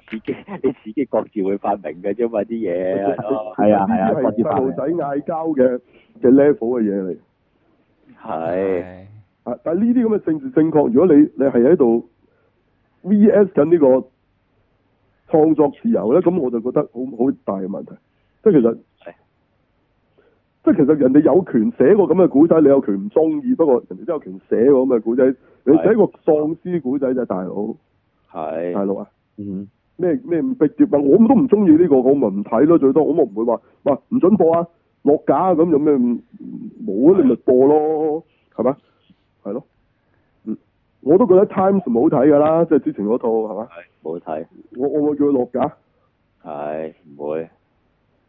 你你自己各自會發明嘅啫嘛，啲嘢係啊係啊，各自發明。細路仔嗌交嘅嘅 level 嘅嘢嚟，係但係呢啲咁嘅政治正確，如果你你係喺度 VS 緊呢、這個。創作自由咧，咁我就覺得好好大嘅問題。即係其實，即係其實人哋有權寫個咁嘅古仔，你有權唔中意。不過人哋都有權寫個咁嘅古仔，你寫個喪屍古仔就大佬。係，大佬啊。嗯，咩咩唔直接啊？我都唔中意呢個，我咪唔睇咯。最多我，我唔會話，喂，唔准播啊，落架啊，咁有咩冇啊？你咪播咯，係咪？係咯。我都覺得 Times 唔好睇噶啦，即係之前嗰套係嘛，係唔好睇。我我會叫佢落噶，係唔會，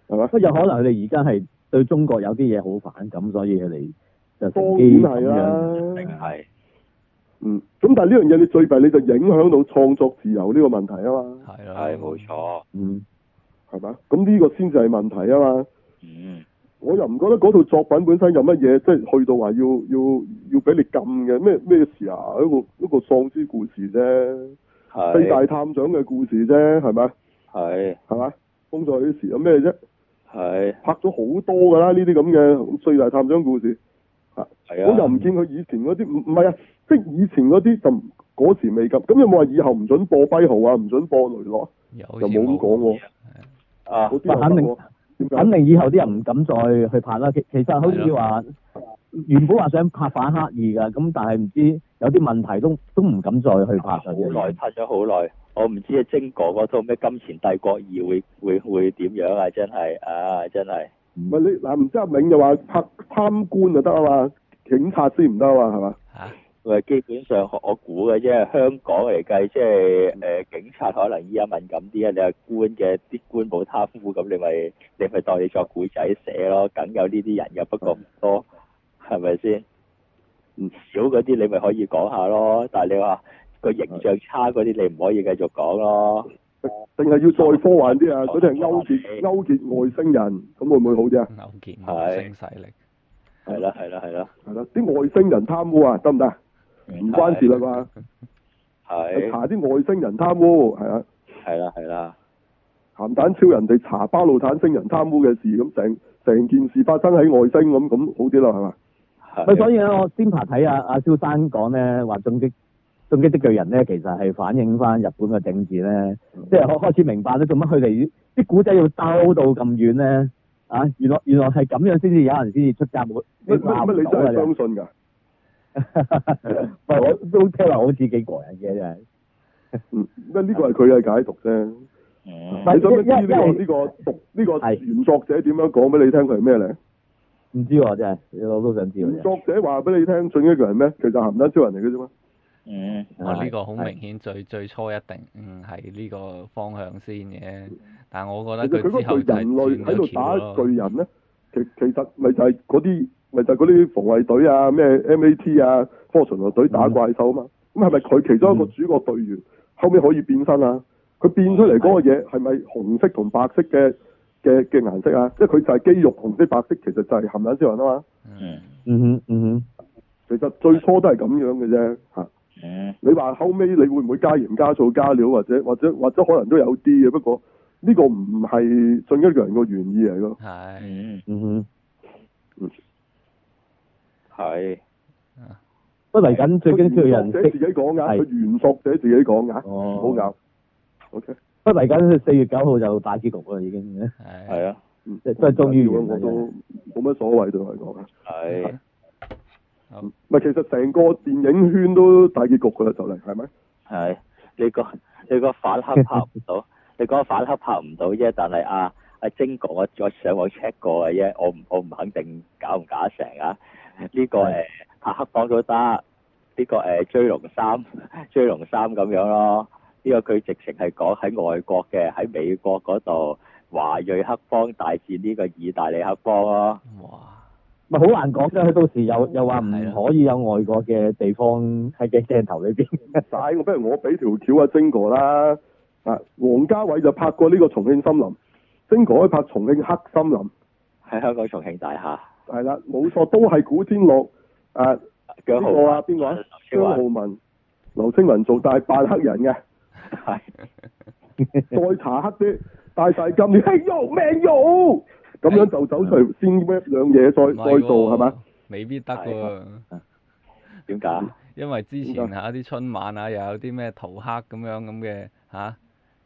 係嘛？不係有可能佢哋而家係對中國有啲嘢好反感，咁所以你就成機咁係。嗯，咁但係呢樣嘢你最弊你就影響到創作自由呢個問題啊嘛。係咯，係冇錯。嗯，係嘛？咁呢個先至係問題啊嘛。嗯。我又唔覺得嗰套作品本身有乜嘢，即係去到話要要要俾你禁嘅咩咩事啊？一個一個喪屍故事啫，四大探長嘅故事啫，係咪？係。係嘛？封鎖嗰時有咩啫？係。拍咗好多㗎啦，呢啲咁嘅四大探長故事。係。係啊。我又唔見佢以前嗰啲，唔係啊？即係以前嗰啲就嗰時未禁，咁有冇話以後唔准播跛豪啊？唔准播雷洛有。又冇咁講喎。啊！啲肯定。肯定以後啲人唔敢再去拍啦。其其實好似話原本話想拍反黑二㗎，咁但係唔知有啲問題都都唔敢再去拍。好耐，拍咗好耐。我唔知阿晶哥嗰套咩金錢帝國二會會會點樣啊！真係、啊、真係。唔係你嗱，唔知阿銘就話拍貪官就得啊嘛，警察先唔得啊嘛，係嘛？嚇！基本上我估嘅即係，香港嚟計、就是，即係誒警察可能依家敏感啲啊。你係官嘅啲官冇貪污，咁你咪你咪當你作古仔寫咯，梗有呢啲人嘅，不過唔多，係咪先？唔少嗰啲你咪可以講下咯，但係你話個形象差嗰啲，你唔可以繼續講咯。定、嗯、係要再科幻啲啊？嗰啲係勾結、嗯、勾結外星人，咁、嗯、會唔會好啲？勾結外星勢力，係啦係啦係啦，係啦啲外星人貪污啊，得唔得？唔關事啦嘛，係查啲外星人貪污係啊，係啦係啦，咸蛋超人地查巴露坦星人貪污嘅事，咁成成件事發生喺外星咁咁好啲啦係嘛？所以咧我先排睇下阿蕭生講咧，話《進擊進擊的巨人》咧，其實係反映翻日本嘅政治咧，即、嗯、係、就是、我開始明白咧，做乜佢哋啲古仔要兜到咁遠咧？啊，原來原來係咁樣先至有人先至出家門，咩咩你真係相信噶？唔 我都聽話，好似幾過人嘅啫，嗯，呢個係佢嘅解讀啫。哦。你想唔想知呢個呢個讀呢個原作者點樣講俾你聽？佢係咩嚟？唔知喎，真係。我都想知喎。作者話俾你聽，信一句係咩？其實鹹濕出嚟嘅啫嘛。嗯。呢、嗯，這個好明顯，最最初一定係呢個方向先嘅、嗯。但係我覺得佢之後、就是、人類喺度打巨人咧，其 其實咪就係嗰啲。咪就係嗰啲防衛隊啊，咩 M A T 啊，mm -hmm. 科巡邏隊打怪獸啊嘛。咁係咪佢其中一個主角隊員、mm -hmm. 後尾可以變身啊？佢變出嚟嗰個嘢係咪紅色同白色嘅嘅嘅顏色啊？即係佢就係肌肉紅色白色，其實就係含隱之王啊嘛。嗯嗯哼嗯哼，其實最初都係咁樣嘅啫嚇。Mm -hmm. 你話後尾你會唔會加鹽加醋、加料或者或者或者可能都有啲嘅？不過呢個唔係信一樣個原意嚟咯。係嗯哼。係，不嚟緊最緊要人自己係，係原作者自己講噶，哦，好搞。OK，不嚟緊四月九號就大結局啦，已經係啊，即係終於完我都冇乜所謂對我嚟講，係，咪、嗯、其實成個電影圈都大結局噶啦，就嚟係咩？係，你個你個反黑拍唔到， 你個反黑拍唔到啫，但係阿阿晶哥，我我上網 check 過嘅啫，我唔我唔肯定搞唔搞成啊。呢、個誒，拍黑幫都得，呢、個誒追龍三，追龍三咁樣咯。呢、個佢直情係講喺外國嘅，喺美國嗰度華裔黑幫大戰呢、個意大利黑幫咯。哇，咪好難講啫，佢到時又 又話唔可以有外國嘅地方喺嘅鏡頭裏邊。但，我不如我俾條橋啊晶哥啦。啊，王家衛就拍過呢個重慶森林，晶哥可以拍重慶黑森林，喺香港重慶大廈。係啦，冇錯，都係古天樂。誒，邊個啊？邊個啊？張浩文、劉青雲做大扮黑人嘅。係。 再查黑啲，大大金鏈，嘿喲，命喲！咁樣就走出 先咩兩嘢，再再做係嘛、哦？未必得喎。點解？因為之前為啊，啲春晚啊，又有啲咩塗黑咁樣咁嘅吓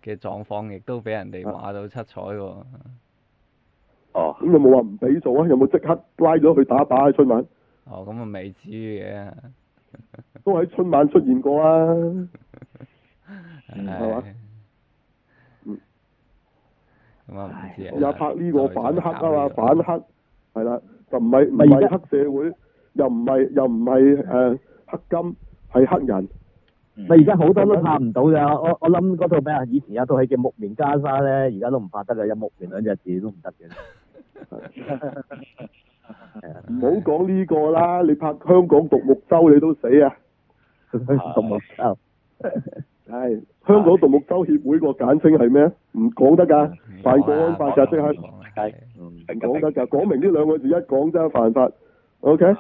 嘅狀況，亦都俾人哋罵到七彩喎。 哦，咁、嗯、有冇話唔俾做啊？有冇即刻拉咗去打靶喺春晚？哦，咁啊未知嘅，都喺春晚出現過啊，係 嘛？咁、哎、有、嗯哎、拍呢個反黑啊嘛、啊，反黑係啦、啊，就唔係唔係黑社會，又唔係又唔係誒黑金，係黑人。咪而家好多都拍唔到㗎、嗯？我我諗嗰套咩啊？以前有套戲嘅木棉袈裟咧，而家都唔拍得㗎，有木棉兩隻字都唔得嘅。 唔好講呢個啦，你拍香港獨木舟你都死啊！獨 木舟係香港獨木舟協會個簡稱係咩？唔講得噶，犯國安法即係唔講得噶，講明呢兩個字一講真係犯法。O K，係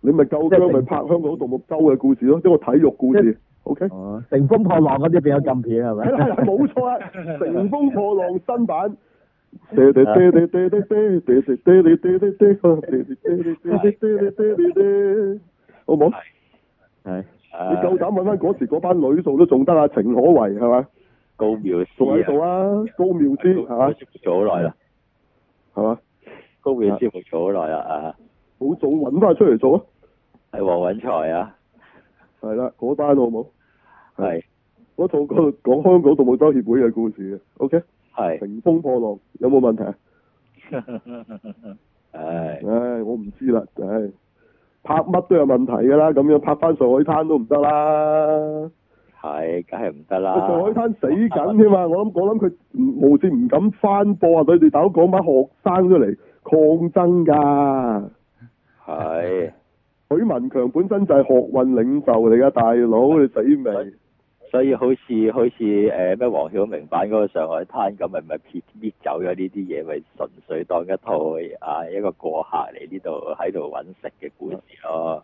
你咪夠姜咪拍香港獨木舟嘅故事咯，一個體育故事。O、okay? K， 乘風破浪嗰啲變咗禁片係咪？冇錯啦，乘風破浪新版。得 得 好冇不好？係，你夠膽揾翻嗰時嗰班女做都仲得啊？程可為，係嘛？高妙，仲喺度啊，高妙思係嘛？做好耐啦，係嘛？高妙思咪做好耐啦啊！好早揾翻出嚟做啊？係、啊啊啊啊、黃允財啊？係 啦、啊，嗰班好冇？係，我同佢講香港動物收養協會嘅故事啊 ，OK？係乘風破浪有冇問題？係 唉，我唔知啦。唉，拍乜都有問題噶啦，咁樣拍翻上海灘都唔得啦。係，梗係唔得啦。上海灘死緊添嘛？我諗、啊、我諗佢無綫唔敢翻播啊！佢哋大佬講翻學生出嚟抗爭噶。係許文強本身就係學運領袖嚟噶，大佬你死未？所以好似好似誒咩黃曉明版嗰個上海灘咁，咪咪撇撇走咗呢啲嘢，咪純粹當一套啊一個過客嚟呢度喺度搵食嘅故事咯、哦。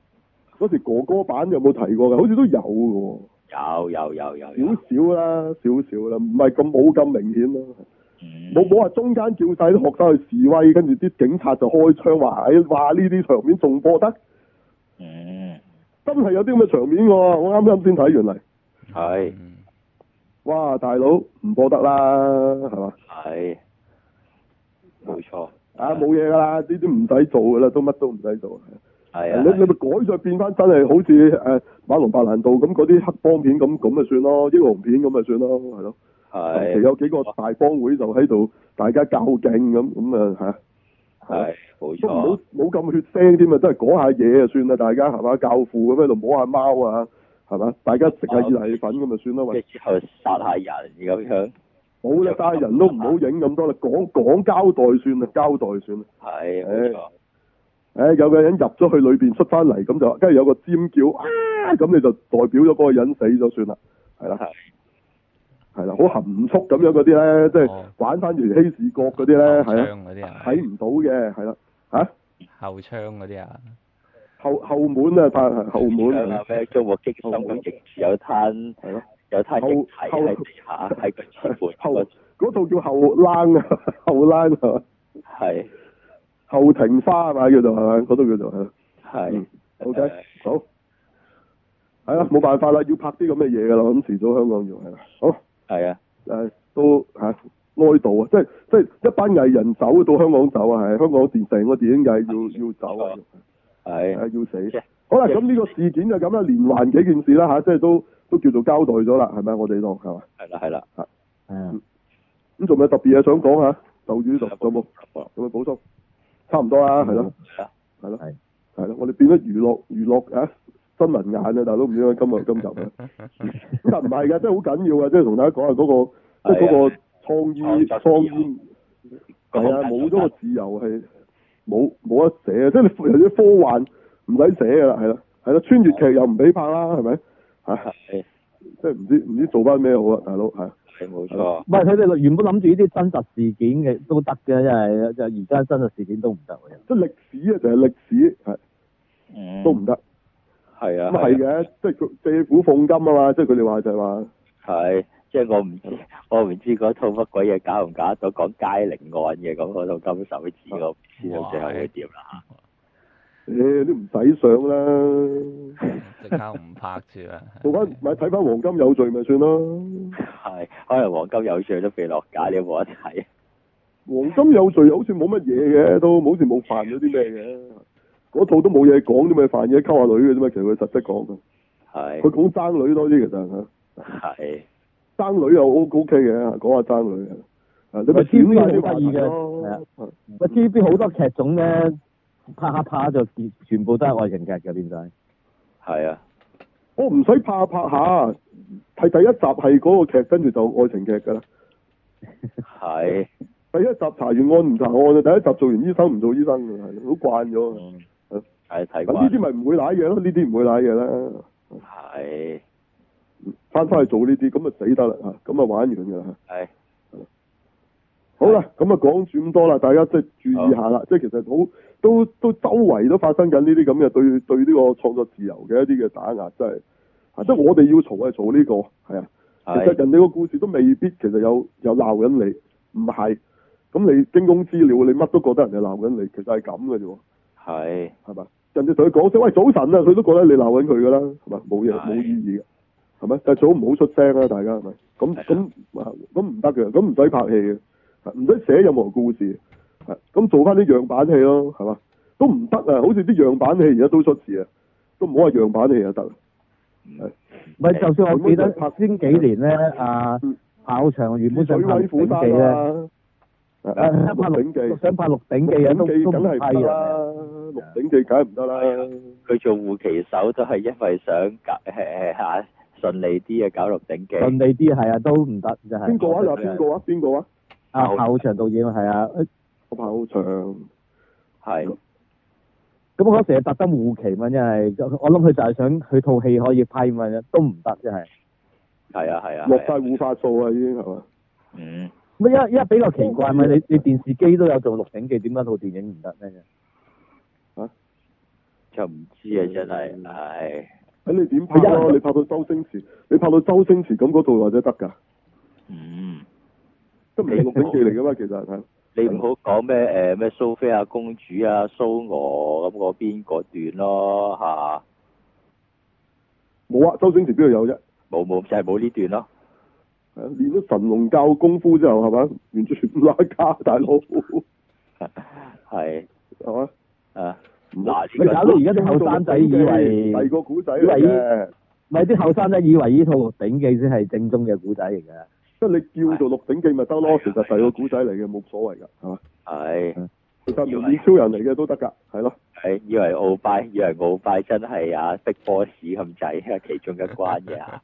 嗰時哥哥版有冇提過㗎？好似都有喎。有有有有。少少啦，少少啦，唔係咁冇咁明顯咯。冇冇話中間照晒啲學生去示威，跟住啲警察就開槍話，哎話呢啲場面仲播得。嗯。真係有啲咁嘅場面㗎、啊，我啱啱先睇完嚟。係，哇大佬唔播得啦，係嘛？係，冇錯。啊冇嘢噶啦，呢啲唔使做噶啦，都乜都唔使做。係啊，啊。你啊你咪改著變翻真係好似誒、啊、馬龍白蘭度咁嗰啲黑幫片咁，咁咪算咯，英雄片咁咪算咯，係咯。係。有幾個大幫會就喺度大家較勁咁，咁啊嚇。係，冇錯。都唔好冇咁血腥添啊！真係講下嘢啊，算啦，大家行、啊、下就家係嘛教父咁樣度摸下貓啊。係嘛？大家食下熱奶粉咁咪算咯。即係去殺下人咁樣，好啦！殺人都唔好影咁多啦，講講交代算啦，交代算啦。係冇錯。誒、欸欸，有個人入咗去裏邊出翻嚟，咁就跟住有個尖叫啊！咁你就代表咗嗰個人死咗算啦。係啦，係啦，好含蓄咁樣嗰啲咧，即係、哦、玩翻住希治閣嗰啲咧，係啊，睇唔到嘅，係啦。吓？後窗嗰啲啊？後後門啊，拍後門啊，咩有、啊、國基、張國基有攤係咯，有攤集體喺地下喺個嗰套叫後欄啊，後欄啊，係後庭花係嘛叫做係嘛，嗰套叫做係。係，O K，好，係啦，冇辦法啦，要拍啲咁嘅嘢噶啦，咁、嗯、遲早香港要係嘛，好，係啊，誒，都吓哀悼啊，即係即係一班藝人走到香港走啊，係香港電成個電影界要要，要走啊。係啊，要死！好啦，咁呢個事件就咁啦，連環幾件事啦吓、啊，即係都都叫做交代咗啦，係咪我哋度係嘛？係啦，係啦，係啊。咁仲、啊啊啊、有特別嘢想講吓？豆主仲有冇？有冇補充，充？差唔多啦，係咯，係咯、啊，係咯、啊啊啊啊啊。我哋變咗娛樂娛樂啊！新聞眼但啊，但就是、大都唔知該今日今集啊！唔係噶，真係好緊要噶，即係同大家講下嗰個，即係嗰個創意創意係啊，冇咗、啊啊、個自由係。冇冇得寫啊！即係你啲科幻唔使寫噶啦，係啦係啦，穿越劇又唔俾拍啦，係、嗯、咪？吓，即係唔知唔知做翻咩好啊，大佬係。係冇錯。唔係佢哋原本諗住呢啲真實事件嘅都得嘅，即係係而家真實事件都唔得。即係歷史啊，就係歷史係、嗯，都唔得。係啊。咁係嘅，即係借古諷今啊嘛，即係佢哋話就係、是、話。係。即係我唔知，我唔知嗰套乜鬼嘢搞唔搞得得到講《佳靈案》嘅，咁嗰套金手指我唔知、欸、 看看看看到最後要點啦。你都唔使想啦，即刻唔拍住啦。我唔咪睇翻《黃金有罪》咪算咯。係，可能《黃金有罪》都未落架，你有冇得睇？《黃金有罪》好似冇乜嘢嘅，都好似冇犯咗啲咩嘅。嗰套都冇嘢講，都咪犯嘢溝下女嘅啫嘛。其實佢實質講，係佢講生女多啲其實係。生女又 O K 嘅，講下生女啊，你咪 TVB 好得意嘅係啊，咪 TVB 好多劇種咧，拍下拍下就全部都係愛情劇嘅點解？係啊，我唔使拍下拍下，睇第一集係嗰個劇，跟住就愛情劇噶啦。係 。第一集查完案唔查案啊，第一集做完醫生唔做醫生啊，好慣咗係睇過。呢啲咪唔會瀨嘢咯？呢啲唔會瀨嘢啦。係。翻翻去做呢啲咁就死得啦吓，咁啊玩完噶啦係好啦，咁啊講住咁多啦，大家即係注意下啦。即係其實好都都，都周圍都發生緊呢啲咁嘅對對呢個創作自由嘅一啲嘅打壓，真係呀！即係我哋要嘈係嘈呢個係啊。其實人哋個故事都未必其實有有鬧緊你，唔係咁你驚弓之鳥，你乜都覺得人哋鬧緊你，其實係咁嘅啫。係係嘛，人哋同佢講聲喂早晨啊，佢都覺得你鬧緊佢噶啦，係嘛冇嘢冇意義嘅。係咪？但係早唔好出聲啦，大家係咪、啊？咁咁咁唔得嘅，咁唔使拍戲嘅，唔使寫任何故事，咁做翻啲樣板戲咯，係嘛？都唔得啊！好似啲樣板戲而家都出事啊，都唔好話樣板戲就得係咪？就算我記得、嗯、拍先幾年咧，阿校長原本想拍《鹿鼎記》咧、啊啊啊啊，想拍鹿鹿《鹿鼎、啊啊、記不、啊》人都都唔批啦，嗯《鹿鼎記》梗係唔得啦。佢做護旗手都係因為想誒嚇。啊順利啲嘅《搞鹿鼎記》，順利啲係啊，都唔得真係。邊個啊？又係邊個啊？邊個啊？啊，侯長導演係啊，侯長，係、哎。咁嗰時係特登糊其嘛，真係、啊啊、我諗佢就係想佢套戲可以批嘛，都唔得真係。係啊係啊，錄曬護髮素啊，已經係嘛？嗯。乜一一比較奇怪咪、嗯？你你電視機都有做《鹿鼎記》，點解套電影唔得咧？嚇、啊？就唔知啊！真係，係、嗯。哎睇你點拍咯、啊， 你拍到周星馳，你拍到周星馳咁嗰套或者得噶？嗯，都五六等級嚟噶嘛，其實係。你唔好講咩誒咩蘇菲亞公主啊蘇俄咁嗰邊嗰段咯，吓、啊。冇啊，周星馳邊度有啫？冇冇，就係冇呢段咯。係練咗神龍教功夫之後，係咪？完全唔拉架，大佬。係， 好啊，啊。嗱、啊，佢搞到而家啲後生仔以為，以為，唔係啲後生仔以為呢套《鹿鼎記》先係正宗嘅古仔嚟嘅。即係你叫做《鹿鼎記》咪得咯，其實第個古仔嚟嘅，冇所謂㗎，係嘛？係，其實面面超人嚟嘅都得㗎，係咯。係以為鰲拜，以為鰲拜真係啊 的係啊 b 波士咁仔啊，其中一關嘅啊，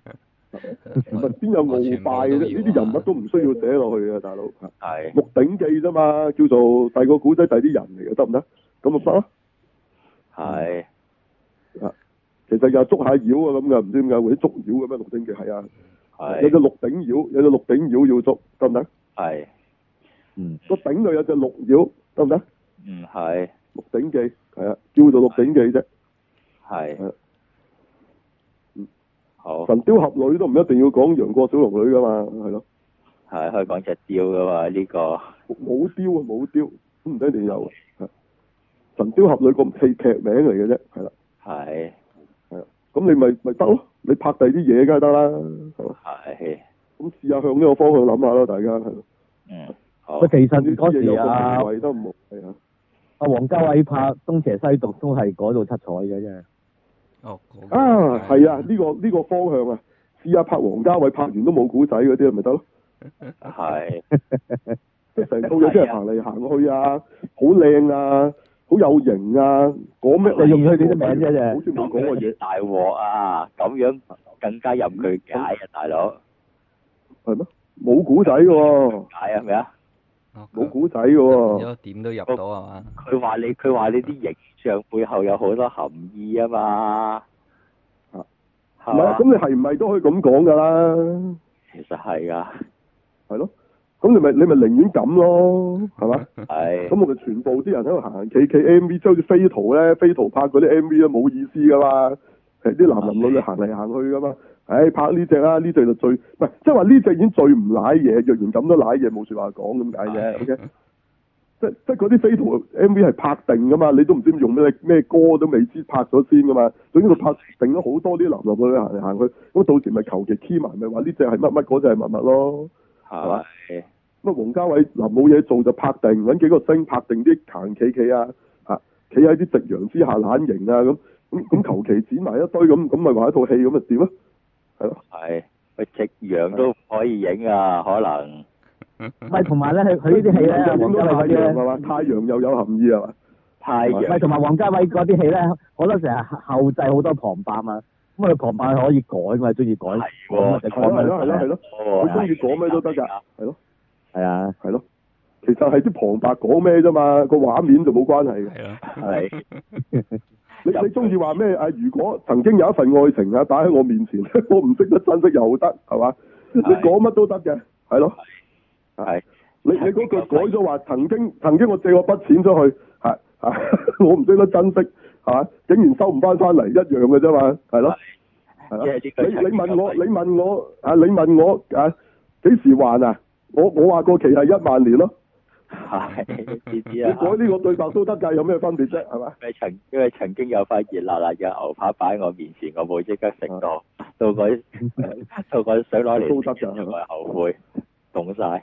唔係邊有鰲拜嘅咧？呢啲人物都唔需要寫落去嘅，大佬。係。《鹿鼎記》啫嘛，叫做第二個古仔，第啲人嚟嘅，得唔得？咁咪得咯。嗯。係啊，其實又捉下妖啊咁噶，唔知點解會捉妖咁樣《鹿鼎記》係啊，係有隻鹿鼎妖，有隻鹿鼎妖要捉，得唔得？係，嗯，個鼎度有隻鹿妖，得唔得？嗯，係《鹿鼎記》，係啊，叫做《鹿鼎記》啫，係，嗯，好，《神雕俠侶》都唔一定要講楊過小龍女噶嘛，係咯，係可以講隻雕噶嘛呢個，冇雕啊冇雕，唔使點有。神雕俠侶個戲劇名嚟嘅啫，係啦，係，係，咁你咪咪得咯，你拍第啲嘢梗係得啦，係，咁試下向呢個方向諗下咯，大家係，嗯，好，佢其實嗰時啊，阿王家衞拍東邪西毒都係嗰度七彩嘅啫，哦，啊，係啊，呢個呢個方向啊，試下拍王家衞拍完都冇古仔嗰啲咪得咯，係，成套嘢即係行嚟行去啊，好靚啊！好有型啊！講咩我用佢哋啲名啫，好似唔講我嘢大鑊啊！咁樣更加任佢解啊，大佬。係咩？冇古仔喎。解啊，係咪啊？冇古仔喎。點都入到係嘛？佢話你，佢話你啲形象背後有好多含義啊嘛。係嘛？咁你係唔係都可以咁講㗎啦？其實係啊，係咯。咁你咪你咪寧願咁咯，係 嘛？係、 哎。咁我哋全部啲人喺度行行企企 M V，即好似飛圖咧，飛圖拍嗰啲 M V 都冇意思噶嘛。係啲男人女女行嚟行去噶嘛。唉，拍呢隻啦，呢隻就最，唔係即係話呢隻已經最唔瀨嘢。若然咁都瀨嘢，冇説話講咁解嘅。那個、 o、okay? K。即即係嗰啲飛圖 M V 係拍定噶嘛？你都唔知用咩咩歌都未知拍咗先噶嘛。總之佢拍定咗好多啲男人女女行嚟行去，咁到時咪求其 key 埋，咪話呢隻係乜乜，嗰隻係乜乜咯。係嘛？咁啊，王家衛嗱冇嘢做就拍定，搵幾個星拍定啲行企企啊，吓、啊，企喺啲夕陽之下懶型啊咁，咁咁求其剪埋一堆咁，咁咪話一套戲咁啊？點、嗯、啊？係、嗯、咯。係、嗯，去夕陽都可以影啊，可能。咪同埋咧，佢、嗯、佢 呢啲戲咧，太陽，係嘛？太陽又有含義，係嘛？係，同埋王家衛嗰啲戲咧，好多成日後製好多旁白嘛。因為啊，旁白可以改嘛，中意改，講咪咯，係咯係咯，佢中意講咩都得噶，係咯，係啊，係咯、啊啊啊啊啊，其實係啲旁白講咩啫嘛，個畫面就冇關係嘅，係、啊啊啊， 你你中意話咩啊？如果曾經有一份愛情啊，擺喺我面前，我唔識得珍惜又得，係嘛、啊？你講乜都得嘅，係咯、啊，係、啊啊，你你嗰句改咗話、啊，曾經曾經我借過筆錢出去，係啊，啊 我唔識得珍惜。係嘛，整完收唔翻翻嚟，一樣嘅啫嘛，係咯。你你問,你問我，你問我，啊，你問我啊，幾時還啊？我我話過期係一萬年咯。係知知啊？如果呢個對白都得㗎，有咩分別啫？係嘛？因為曾經有塊熱辣辣嘅牛扒擺喺我面前，我會即刻食、嗯、到到改 到改，到 想攞嚟。我後悔，凍晒。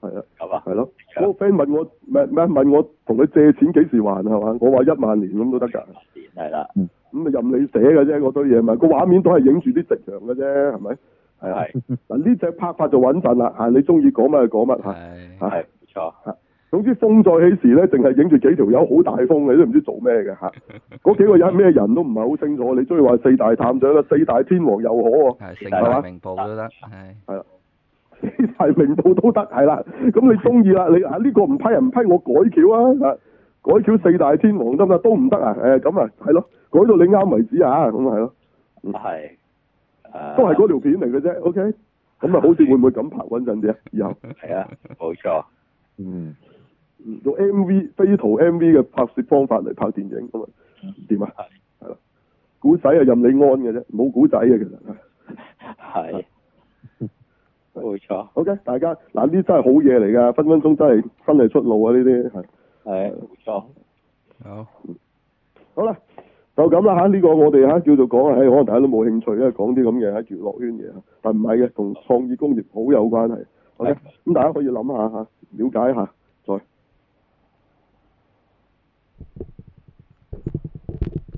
係啊，係嘛、啊，係咯、啊。嗰個 friend 問我，咩係問我同佢借錢幾時還啊？係嘛，我話一萬年咁都得噶。一萬年係啦，咁咪、啊嗯、任你寫噶啫。嗰堆嘢咪個畫面都係影住啲夕陽噶啫，係咪？係嗱呢隻拍拍就穩陣啦。吓，你中意講乜就講乜吓，係係。啊、冇錯。總之風再起時咧，淨係影住幾條友好大風你都唔知做咩嘅吓。嗰幾個人咩、啊、 人，人都唔係好清楚。你中意話四大探長啊，四大天王又可是啊，係嘛？明報都得，係係啊。四大名道都得係啦，咁、嗯、你中意啦，你啊呢、呢個唔批，人唔批我改橋啊，啊，改橋四大天王咁啊都唔得啊，誒咁啊係咯、啊，改到你啱為止啊，咁啊係咯，係，都係嗰條片嚟嘅啫，OK，咁啊，好似會唔會咁拍穩陣啫？啊？是 OK? 啊啊會會，以後係啊，冇錯，嗯，用 MV 非圖 MV 嘅拍攝方法嚟拍電影咁啊，點、嗯、啊？係咯、啊，古仔啊任你安嘅啫，冇古仔嘅其實係、啊。是冇錯、okay，大家嗱呢啲真係好嘢嚟㗎，分分鐘真係真係出路啊！呢啲係係冇錯，好、嗯，好啦，就咁啦嚇，呢、啊呢個我哋、啊、叫做講啊、欸，可能大家都冇興趣咧、啊，因為講啲咁嘅娛樂圈嘢、啊，但唔係嘅，同創意工業好有關係。好嘅，咁、okay，啊嗯、大家可以諗下、啊、了解一下再。